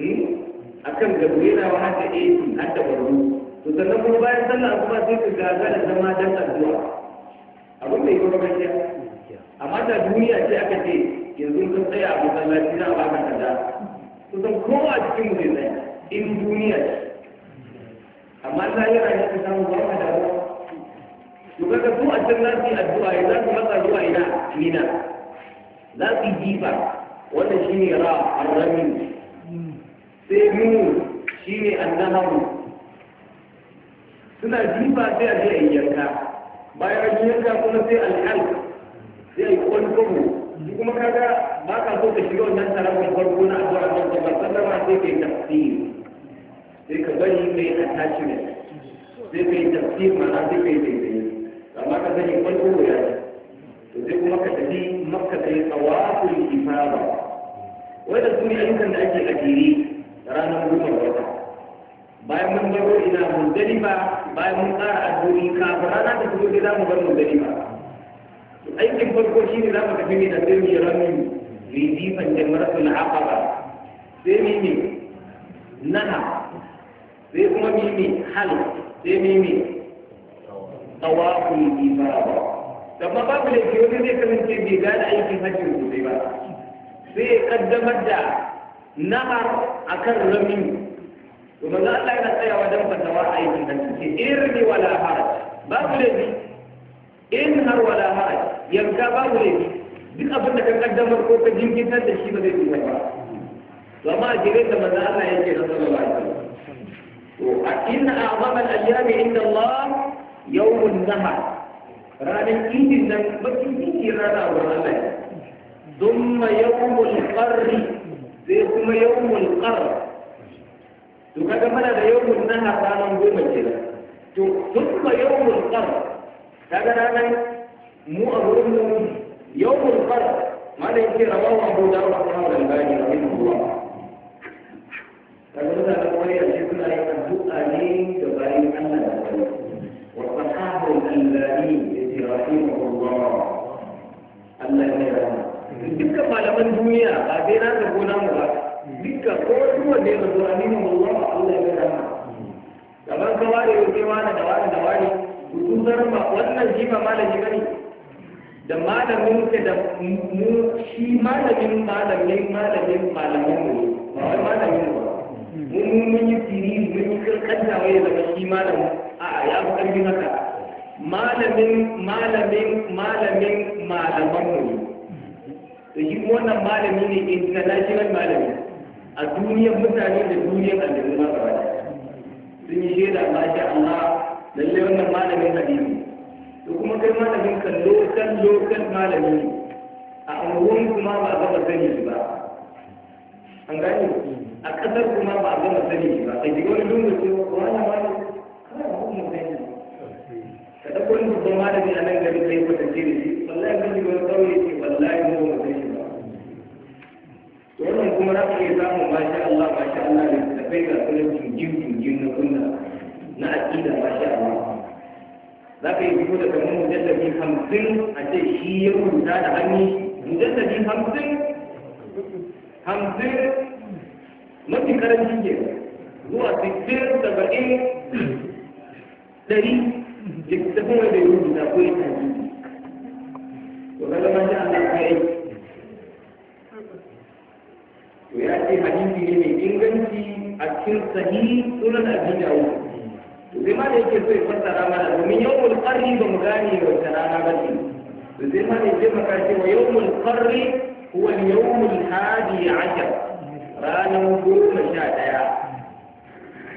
Eh? akan gabu yana wa hadda sun hada barbu to sannan kuma bayan sallah kuma sai ka gaga da zama dan addu'a abin da yake gaskiya amma da duniya ce aka ce yanzu sun tsaya a masallaci na ba ka da kusan kowa cikin mu zai tsaya in duniya ce amma ta yi rayuwa ta samu ba ka da to kaga su a can za su yi addu'a ya za su matsa zuwa ina nina za su yi jifa wannan shine ra ramin sai mu shi ne annahamu suna jifa sai a je a yi yanka bayan an yanka kuma sai al'al sai a yi kwalkwabo shi kuma kaga ba ka so ka shiga wannan taron farko na addu'a ta gaba sallama sai ka yi tafsir sai ka bari mai yi attachment sai ka yi tafsir ma'ana sai ka yi daidai amma ka sani kwalkwabo ya ce to sai kuma ka tafi makka ka yi tsawafin ifaba wadda su ne ayyukan da ake a mun baro ina muzdalifa bayan mun tsara addu'o'i kafin rana ta fito sai za mu bar muzdalifa aikin farko shi ne za mu tafi da sai mu yi ramin rizifan jamaratul aqaba sai mu yi naha sai kuma mu yi hal sai mu yi tawaful ibada amma babu ke wani zai kasance bai gane aikin hajji sosai ba sai ya kaddamar da nahar akan ramin domin za Allah yana tsaya wajen fatawa a yankin da suke irni wala haraj babu laifi in har wala haraj yanka babu laifi duk abin da ka kaddamar ko ka jinkirtar da shi ba zai tuba ba to amma a jirai da manzo Allah yake da sallallahu alaihi wasallam to a inna a'zama al-ayyami inda Allah yawmun nahar ranar idin nan bakin ciki rana wa Allah thumma yawmul qarr sai kuma yawmul qarr to kaga mana da yawon nahar ranar goma kenan to sun ma yawon kar kaga ranar mu a wurin mu yawon kar mana yake rabawa abu da wa kuma da bani a cikin ruwa kaga da kuma ya ce suna yin addu'a ne da bayin Allah da kai wa sahabu al-albani yace rahimahullah Allah ya rahama dukkan malaman duniya ba dai na ga gona mu ba dukkan kowa duk wanda ya zo a Allah ba Allah ya gada ma kamar ka ware yau sai wani da wani da wani su zarar ba wannan shi ba malami bane da malamin ka da mu shi malamin malamin malamin malamin mu ba wai malamin mu ba mun mun yi tiri mun yi kankanta wai zama shi malamin a'a ya fi karfi haka malamin malamin malamin malaman mu to shi wannan malami ne international malami a duniyar mutane da duniyar aljanu ma gaba sun yi shaida ma sha Allah lalle wannan malamin hadisi to kuma kai malamin kallo kan lokal malami ne a anguwan kuma ba gama sani shi ba an gani a kasar kuma ba gama sani shi ba sai wani ko wani malami kana hukumar sani ka dauko wani babban malami a nan gari kai kwatance da shi wallahi kan yi wani kauye ce kuma za ka iya samun mashi Allah mashi Allah da tafai ga kuma tunjin tunjin na kunna na aƙida mashi Allah za ka yi fito da kamar mujallabi hamsin a ce shi ya rubuta da hannu mujallabi hamsin hamsin mafi karanci ke zuwa sittin saba'in ɗari littafin da ya rubuta ko ya tafi. Wanda zama shi Allah ka yi to ya ce hadisi ne mai inganci a cikin sahi sunan abin da to sai ma da yake so ya fassara mana domin mun qarri ba mu gane wata rana ba ce to sai ma da yake maka cewa yawmul qarri huwa yawmul hadi ashar ranar goma sha ɗaya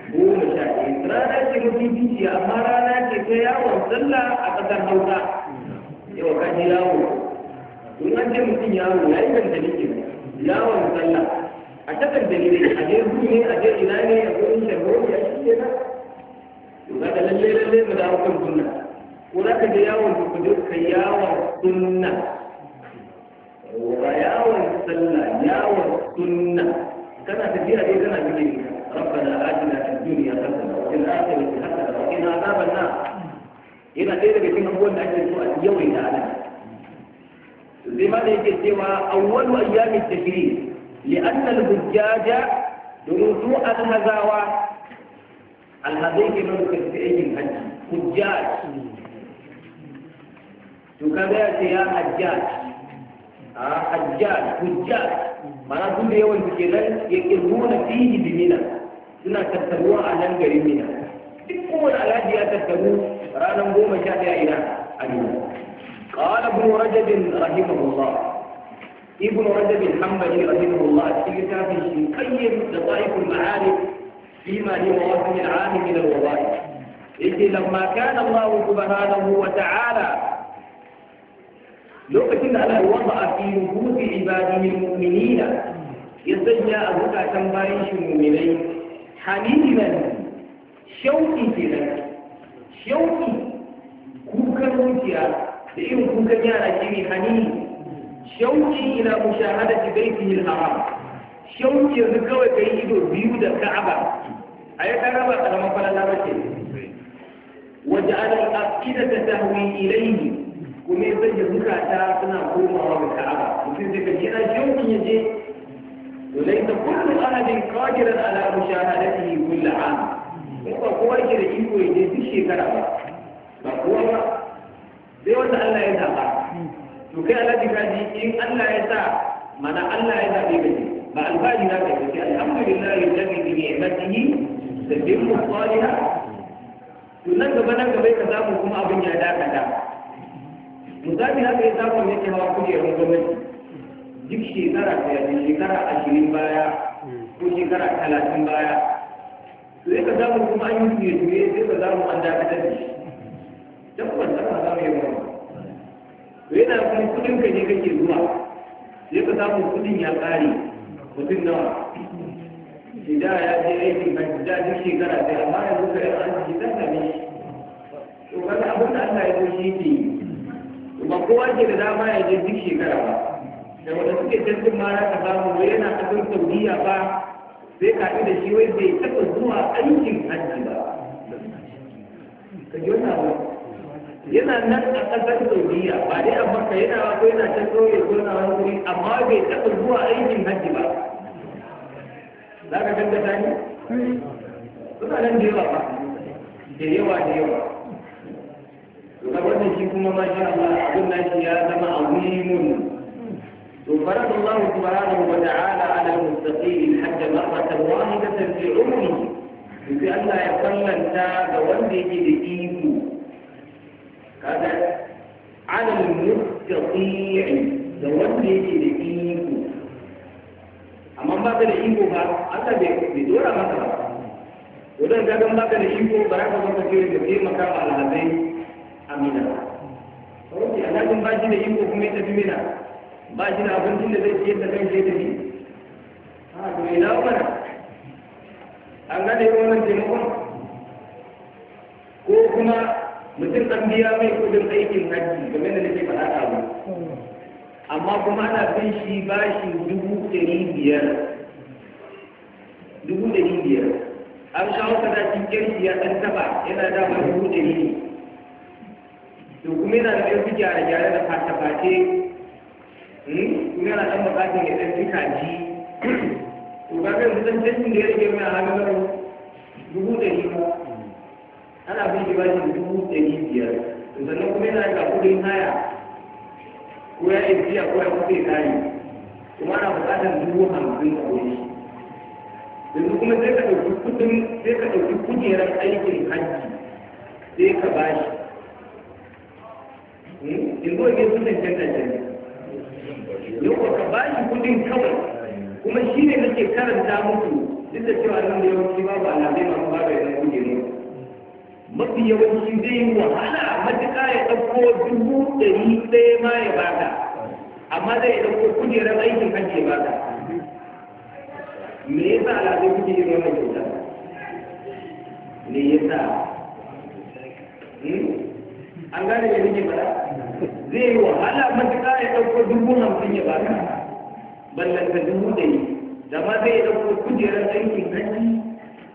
goma sha ɗaya rana ce mafi bici amma rana ce ta yawon sallah a ƙasar hausa yau ka ji yawo in an ce mutum yawo ya yi kan da yawon sallah a takan da ne a je ne a je ina ne a gurin shagoro ya shi ke nan to za ka lalle lalle mu dawo kan sunna ko za ka je yawon ku je ka yawon sunna wa yawon sallah yawon sunna kana tafiya dai kana gidan ربنا آتنا في الدنيا حسنة وفي الآخرة حسنة وقنا عذاب النار yana ɗaya daga cikin abubuwan da ake so a yawaita ana zai ma da yake cewa awwalu ayyamin tashrik لأن الزجاجة دروسو الهزاوة الهزي كما يكفئهم هج حجاج تكبرت يا حجاج حجاج حجاج mana duk da yawan suke nan ya kirgo na da mina suna tattaruwa a nan garin mina duk kowane alhaji ya tattaru ranar goma sha ɗaya ina a mina قال ابن رجب رحمه الله ibn rajab al-hanbali rahimahullah cikin littafin shi qayyim da ta'iful ma'arif fi ma li mawasim al-alim min al-wadai yake lamma kana Allah subhanahu wa ta'ala lokacin da Allah wada'a fi nufusi ibadihi al-mu'minina ya sanya a zukatan bayan shi mu'minai halilan shauki da irin kukan yara shi ne shauki ila mushahadati baitihi al-haram shauki yanzu kawai kai ido biyu da Ka'aba ayi karaba karamar falala bace waja'ala al-afida tahwi ilayhi kuma ya sanya zukata suna komawa ga Ka'aba mutum zai kaji yana shauki ya je وليس كل أحد قادرا على مشاهدته كل عام. ba kowa ke da iko ya je duk shekara ba ba ba sai wanda Allah ya zaba to kai alhaji kaji in Allah ya sa mana Allah ya zabe ka ba alfaji za ka yi kace alhamdulillah alladhi bi da bin salihat to nan gaba nan gaba ka samu kuma abin ya dakata misali haka ya samu yake hawa kujerun gwamnati duk shekara ta yanzu shekara ashirin baya ko shekara talatin baya to ya ka samu kuma an yi tuye-tuye sai ka samu an dakatar da shi tabbas za ka samu yawan to yana kuma kudin ka ne kake zuwa sai ka samu kudin ya kare mutum nawa shi da ya je aikin hajji da duk shekara sai amma yanzu ka yi hajji zan same shi to kaga abin da Allah ya so shi ke ba kowa ke da dama ya je duk shekara ba da wanda suke tantin ma ka samu yana kasar Saudiya ba sai ka da shi wai bai taɓa zuwa aikin hajji ba ka ji wannan yana nan a ƙasar saudiya ba dai a makka yana ko yana can sauye ko na wani wuri amma bai taɓa zuwa aikin hajji ba za ka gaggata ni suna nan da yawa ba da yawa da yawa ga wannan shi kuma ma sha Allah abin nashi ya zama a azimun to farad Allah subhanahu wa ta'ala ala al-mustaqim hajja marratan wahidatan fi umri sai Allah ya kallanta ga wanda yake da iko kaga ala muttaqi da wanda yake da iko amma ba ka da iko ba Allah bai bai dora maka ba wadan ka gan baka da iko ba ka zo ka da kai maka alhazai amina ala kun ba shi da iko kuma ya tafi mina ba shi da abincin da zai ciyar da kan shi tafi a ah, to ina mana an gane wannan taimakon ko kuma mutum an biya mai kudin aikin haji game da nake faɗa a ba amma kuma ana bin shi bashi dubu ɗari biyar dubu ɗari biyar an kawo sadaki kirki ya ɗan taba yana dama dubu ɗari ne to kuma yana da ɗarfi gyare-gyare da fata-fate hmm? kuma yana ɗan buƙatar ya ɗan fi kaji to ga kai mutum canjin da ya rage mai a hannun dubu ɗari ba ana bin shi bashi dubu ɗari biyar to sannan kuma yana da kuɗin haya ko ya yi biya ko ya kuɗe kari kuma ana buƙatar dubu hamsin a wuri yanzu kuma sai ka ɗauki kuɗin sai ka ɗauki kujerar aikin hajji sai ka bashi hmm? yanzu ne sun canza-canza, yau ka bashi kuɗin kawai kuma shi ne nake karanta muku duk da cewa nan da yawanci babu alamai masu babu yanzu kujeru mafi yawanci zai yi wahala matuƙa ya ɗauko dubu ɗari ɗaya ma ya bata amma zai ɗauko kujerar aikin hajji ya bata me yasa alaƙar kuke yin wannan kyauta me yasa hmm? an gane me nake faɗa zai yi wahala matuƙa ya ɗauko dubu hamsin ya bata ballanta dubu ɗari da ma zai ɗauko kujerar aikin hajji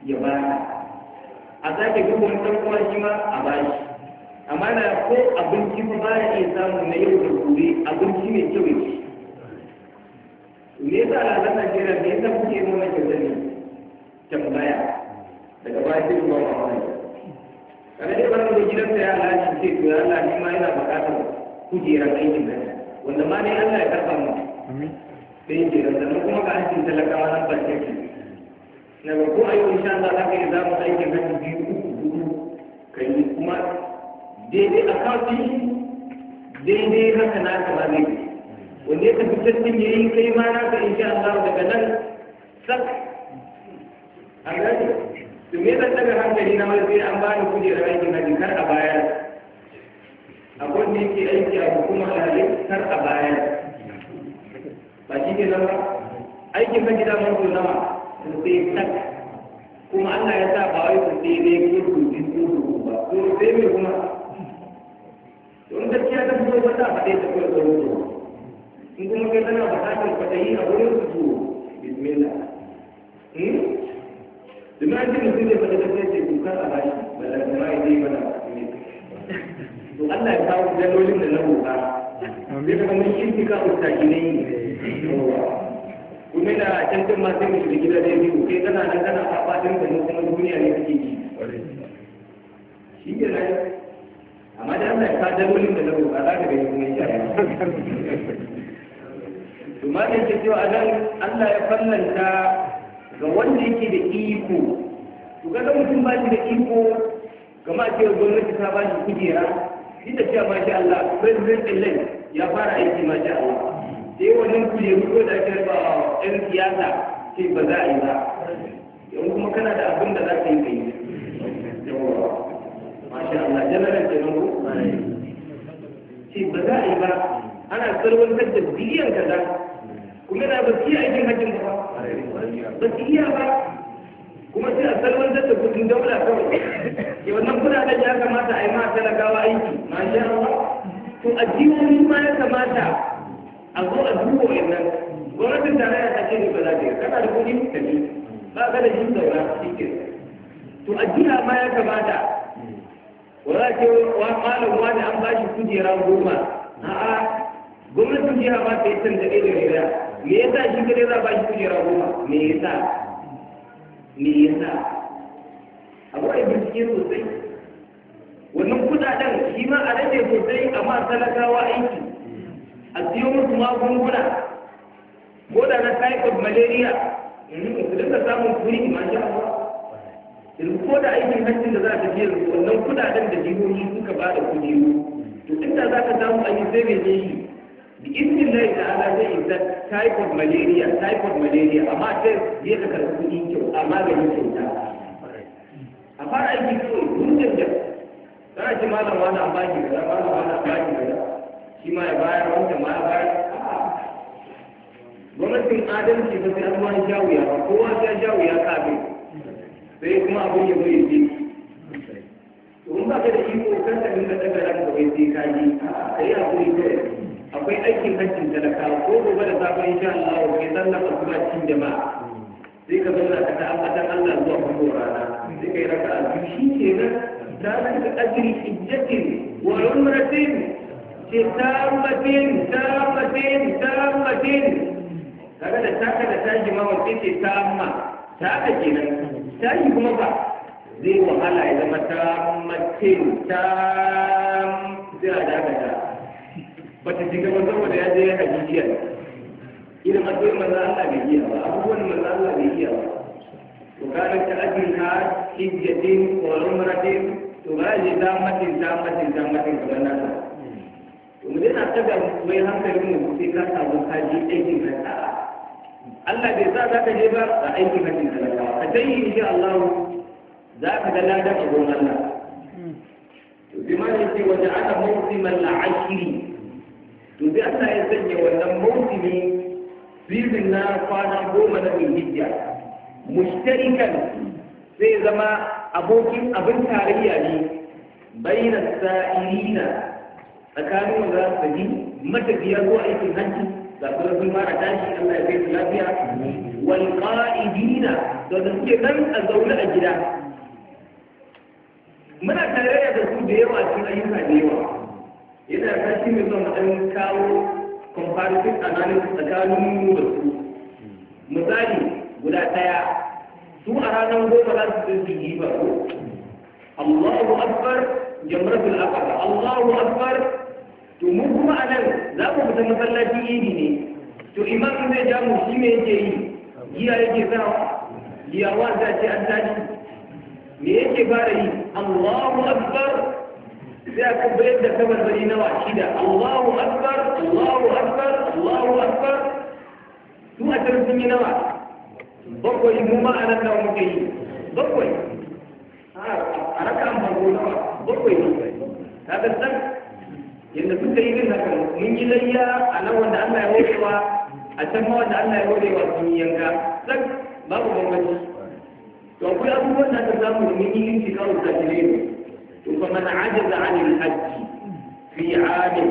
ya bata. a sake duba mutum kuma shi ma a bashi amma na ko abinci ba ba ya iya samu na yau da gobe abinci mai kyau ne me yasa al'adar Najeriya me yasa kuke nuna kyauta ne tambaya daga baya sai kuma ba wani kana dai ban da gidansa ya Allah shi ce to ya Allah ni ma ina buƙatar kujerar aikin nan wanda ma ne Allah ya karɓa mu sai ke da kuma ka aikin talakawa nan ba ke na farko a yau za Allah zaka yi zamu aiki na biyu ka yi kuma daidai a kafi daidai haka na ka zai wanda tafi fitar din yi kai ma na ka insha Allah daga nan sak a gani su me zan daga hankali na wani sai an bani kujerar aikin na kar a baya a wanda yake aiki a a alhalin kar a baya ba shi ne nan aikin ka gida mun zo zama kurbe tak kuma Allah ya sa ba wai kurbe ne kurbe ne ba kurbe ne kuma don gaskiya ta fito ba ta faɗe ta kawai ta mutu in kuma kai tana buƙatar kwatayi a wurin su bismillah Dimana hmm? mutum zai faɗi gaskiya ce dukkan a bashi balantana ya zai mana to Allah ya kawo dalolin da na roƙa. Bai kuma mun yi ka ustaki ne. kuma da can din ma sai mu shiga gida da biyu kai kana nan kana fafatin da mu kuma duniya ne kake yi shi ne na amma da Allah ka da wulin da lawo ba za ka gani kuma ya yi to ma da yake cewa nan Allah ya fallanta ga wanda yake da iko to ga mutum ba shi da iko kama a cewa gwamnati ta ba shi kujera duk da cewa ma Allah president elect ya fara aiki ma Allah sai wannan kujeru ko da ake ba ɗan siyasa ce ba za a yi ba yau kuma kana da abin da za ka yi kai masha Allah janaran kenan ko ce ba za a yi ba ana sarwantar da biliyan kaza kuma na ba su iya aikin hajjin ba ba su iya ba kuma sai a sarwantar da kudin daula kawai ke wannan kudaden ya kamata a yi ma talakawa aiki masha Allah to a jihohi ma ya kamata a zo a duba wannan gwamnatin tarayya ta ce ne ba za ta yi kana da kuɗi ka ji ba ka da jin zauna shi to a jiya ma ya kamata wala ce wa malam wani an ba shi kujera goma a'a gwamnatin jiha ba ta yi can da ɗaya da riga me yasa shi kadai za ba shi kujera goma me ya sa, me ya sa. abu a bincike sosai wannan kudaden shi ma a rage sosai amma talakawa aiki a siyo musu magunguna ko da na typhoid malaria su dinga samun kuri ma sha yanzu ko da aikin hajjin da za ta je yanzu wannan kudaden da jihohi suka ba da ko, to inda za ka samu an yi sai mai ne yi da izinin lai da ala zai isa typhoid malaria typhoid malaria amma sai je ka karɓi kuɗi kyau a maganin kyauta a fara aiki kawai dun da za a ce malam wani an baki a malam wani an baki gaza shi ma ya bayar wanda ma ya bayar gwamnatin adalci ba sai an ma sha wuya ba kowa sha sha wuya kafin sai kuma abin ya zo ya je ba ka da iko kan ka dinga daga ran ka wai sai ka yi sai ya kuri kai akwai aikin hajjin talaka ko gobe da safe insha Allah ke sallah asuba cikin jama'a sai ka zauna ka ta'abbatan Allah zuwa kuma rana sai kai raka'a biyu shi kenan ta ka ajiri hijjatin wa umratin تامة تامة تامة kaga da taka da tashi ma wace ce ta amma ta da kenan tashi kuma ba zai wahala ya zama ta mace ta zira da aka ta ba ta shiga ba saboda ya je ya haji jiya irin matsayin manzo Allah bai iya ba abubuwan manzo Allah bai iya ba وكانت تأجلها حجة وعمرة تغادر تامة تامة تامة كما نزل mu yana taga mai hankali mu sai ka samu kaji aikin ka Allah bai sa za ka je ba a aikin ka cin talakawa ka dai insha Allah za ka ga ladan abun Allah to bi mai ce wanda ana mawsiman la'ashiri to bi Allah ya sanya wannan mawsimi sizin na kwana goma na hijja mushtarikan sai zama abokin abin tarayya ne bayyana sa'irina tsakanin wanda za su tafi matafiya ko aikin hajji ga kuma sun fara tashi Allah ya kai su lafiya wal qa'idina da da suke nan a zaune a gida muna tarayya da su da yawa cikin ayyuka da yawa yana shi mai zama dan kawo comparative analysis tsakanin mu da su misali guda ɗaya su a ranar goma za su tsinci giba ko Allahu akbar jamratul akbar Allahu akbar to mu kuma a nan za mu fita masallacin idi ne to imam zai ja mu shi me yake yi giya yake sa giyawa za ce an tashi me yake fara yi Allahu akbar sai a kuma bayar da kamar bari nawa shida Allahu akbar Allahu akbar Allahu akbar su a can sun yi nawa bakwai mu ma a nan nawa muke yi bakwai a raka an farko nawa bakwai ne Ta san yadda suka yi rin haka mun yi layya a nan wanda Allah ya wucewa, a can ma wanda Allah ya horewa sun yi yanka zan babu bambanci to akwai abubuwan da aka samu mun yi yin shekaru da jire ne to fa man ajaza anil hajji fi amin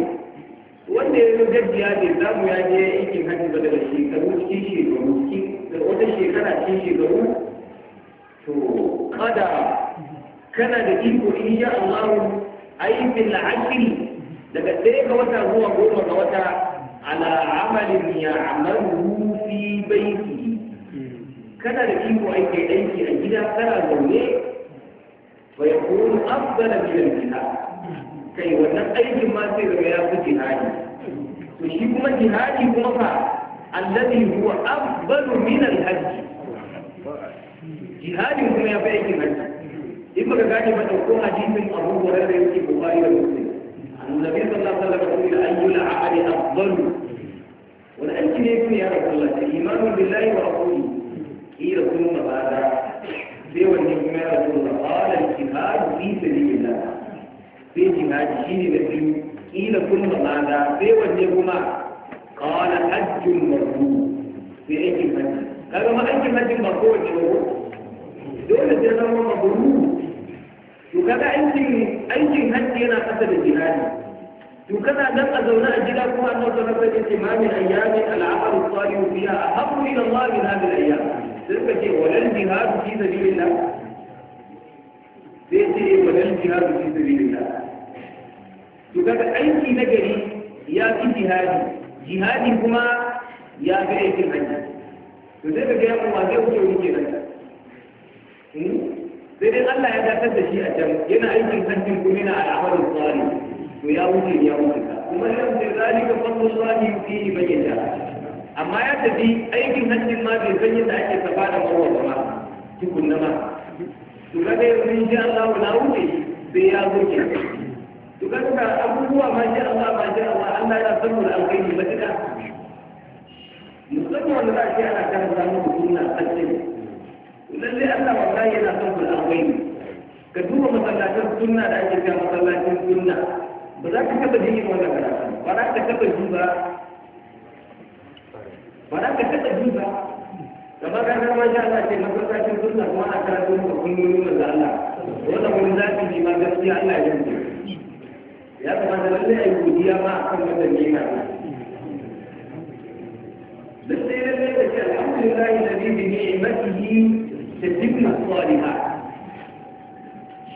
wanda ya gaji ya je zamu ya je aikin hajji ba daga shekaru cikin shekaru cikin wata shekara cikin shekaru to kada kana da iko in ya Allah aikin la'akari daga ɗaya ga wata zuwa goma ga wata ala amalin ya amalu fi baiki. kana da iko aiki aiki a gida kana zaune wa ya kuma afdala min al-jihad kai wannan aikin ma sai daga ya fi jihadi to shi kuma jihadi kuma fa alladhi huwa afdalu min al-hajj jihadi kuma ya fi aikin hajji in baka gane ba dauko hadisin Abu Hurairah yake Bukhari da Muslim النبي صلى الله عليه وسلم يقول أي العمل أفضل والأنجل يكون يا رسول الله إيمان بالله ورسوله قيل ثم ماذا سوى النجم يا رسول الله قال الجهاد في سبيل الله في جهاد شيء نبي قيل ثم ماذا سوى النجم قال حج مرفوع في أي حج قال ما أي حج مرفوع دولة جنة مرفوع to kaga aikin aikin hajji yana kasa da jihadi to kana nan a zaune a gida kuma Allah ta rabbal ce ma min ayyamin al'amal salih fiha ahabbu ila Allah min hadhihi al-ayyam sai ka ce walal jihad fi sabilillah sai ce walal jihad fi sabilillah to kaga aiki na gari ya fi jihadi jihadi kuma ya fi aikin hajji to sai ka ga mu ba zai wuce wuce nan hmm? sai dai Allah ya dakatar da shi a can yana aikin hajjin kuma yana al'amarin tsari to ya wuce ya wuce kuma ya wuce zalika fadlu sani fi bayyana amma ya tafi aikin hajjin ma bai san yadda ake safa da mawa ba na ma to kaga yanzu an Allah na wuce sai ya wuce to kaga abubuwa ma sha Allah ma sha Allah Allah ya san mu da alkhairi matuka musamman da za a ce ana kan zamu sunna tsakkin lalle Allah wallahi yana son ku akwai ne ka duba masallacin sunna da ake cewa masallacin sunna ba za ka taba jin wannan karatu ba za ka taba ji ba za ka taba ji ba kamar ka ga masha Allah ce masallacin sunna kuma ana karatu da kunnuyin manzo Allah wannan wani zafi ne ma gaskiya Allah ya yi ya kamata lalle a yi godiya ma akan wannan nema lalle lalle da ke alhamdulillah da bi ni'matihi da dukkan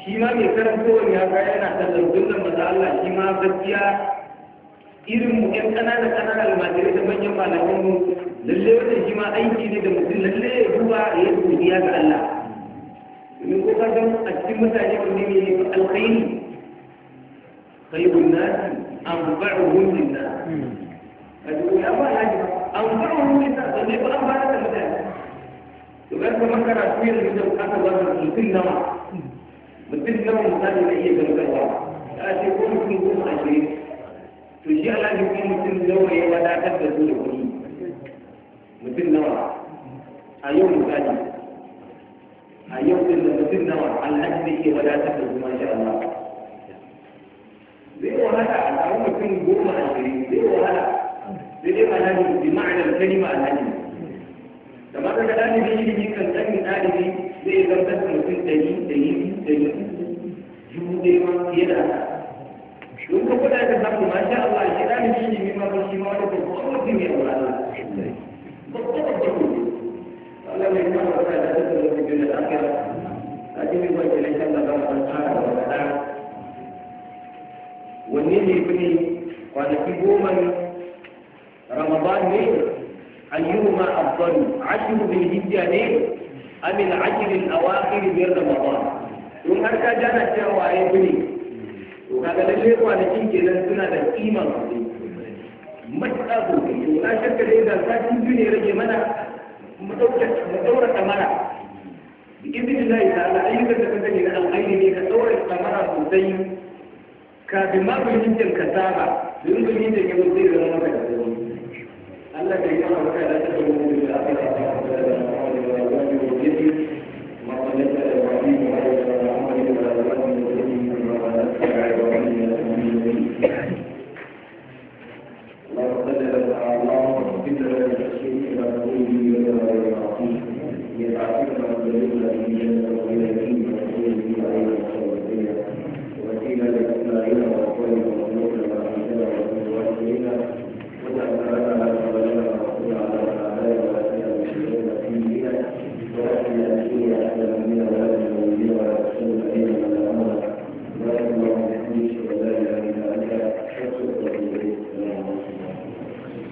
shi ma mai karantowar ya ga yana tallar dukkan maza Allah shi ma gaskiya irin mu ƴan ƙanana ƙanana almajirai da manyan malamin mu lalle wannan shi ma aiki ne da mutum lalle ya duba ya godiya ga Allah domin ko ka san a cikin mutane wanda ne ne alkhairi khairun nasi anfa'uhum lin-nas hmm. kaji ko ba ya ji anfa'uhum lin ne ba an ba da mutane يبقى انت ما كان فيه وزن مثل نوع مثل نوع مثال لاي بلد لا تكون في يكون عشرين تجي على ان مثل نوع ولا تبدا تقول مثل نوع اليوم مثال اليوم مثل نوع على اجله ولا تبدا ما شاء الله ليه وهذا على عمر كل جمعة عشرين ليه وهذا ليه الهدم بمعنى الكلمة الهدم kamar da ɗalibin ilimi kan sanin ɗalibi zai zartar da mutum ɗari ɗari ɗari dubu ɗaya ma fiye da don ka kuɗa ka samu masha Allah shi ɗalibin ilimi ma ba shi ma wani babban mutum ya wura Allah babban babban mutum Allah mai kuma ba ta da ta da mutum da akira a cikin wajen lantar da ba ta tsara da wata wanne ne fi kwanaki goma Ramadan ne ayyuma afdalu ashru bil hijja ne am al ashr al awakhir min ramadan don har ka jana cewa ya bune to kaga lalle kwanakin nan suna da kima matuƙa gobe to na shakka da yadda sati biyu ne rage mana mu ɗaura tsamara izinin layi ta Allah ayyukan da kan na alƙairi ne ka ɗaura tsamara sosai kafin ma fahimtar ka saba domin fahimtar ya ke zai zama maka da zama Allah ya yi maka da ta yi da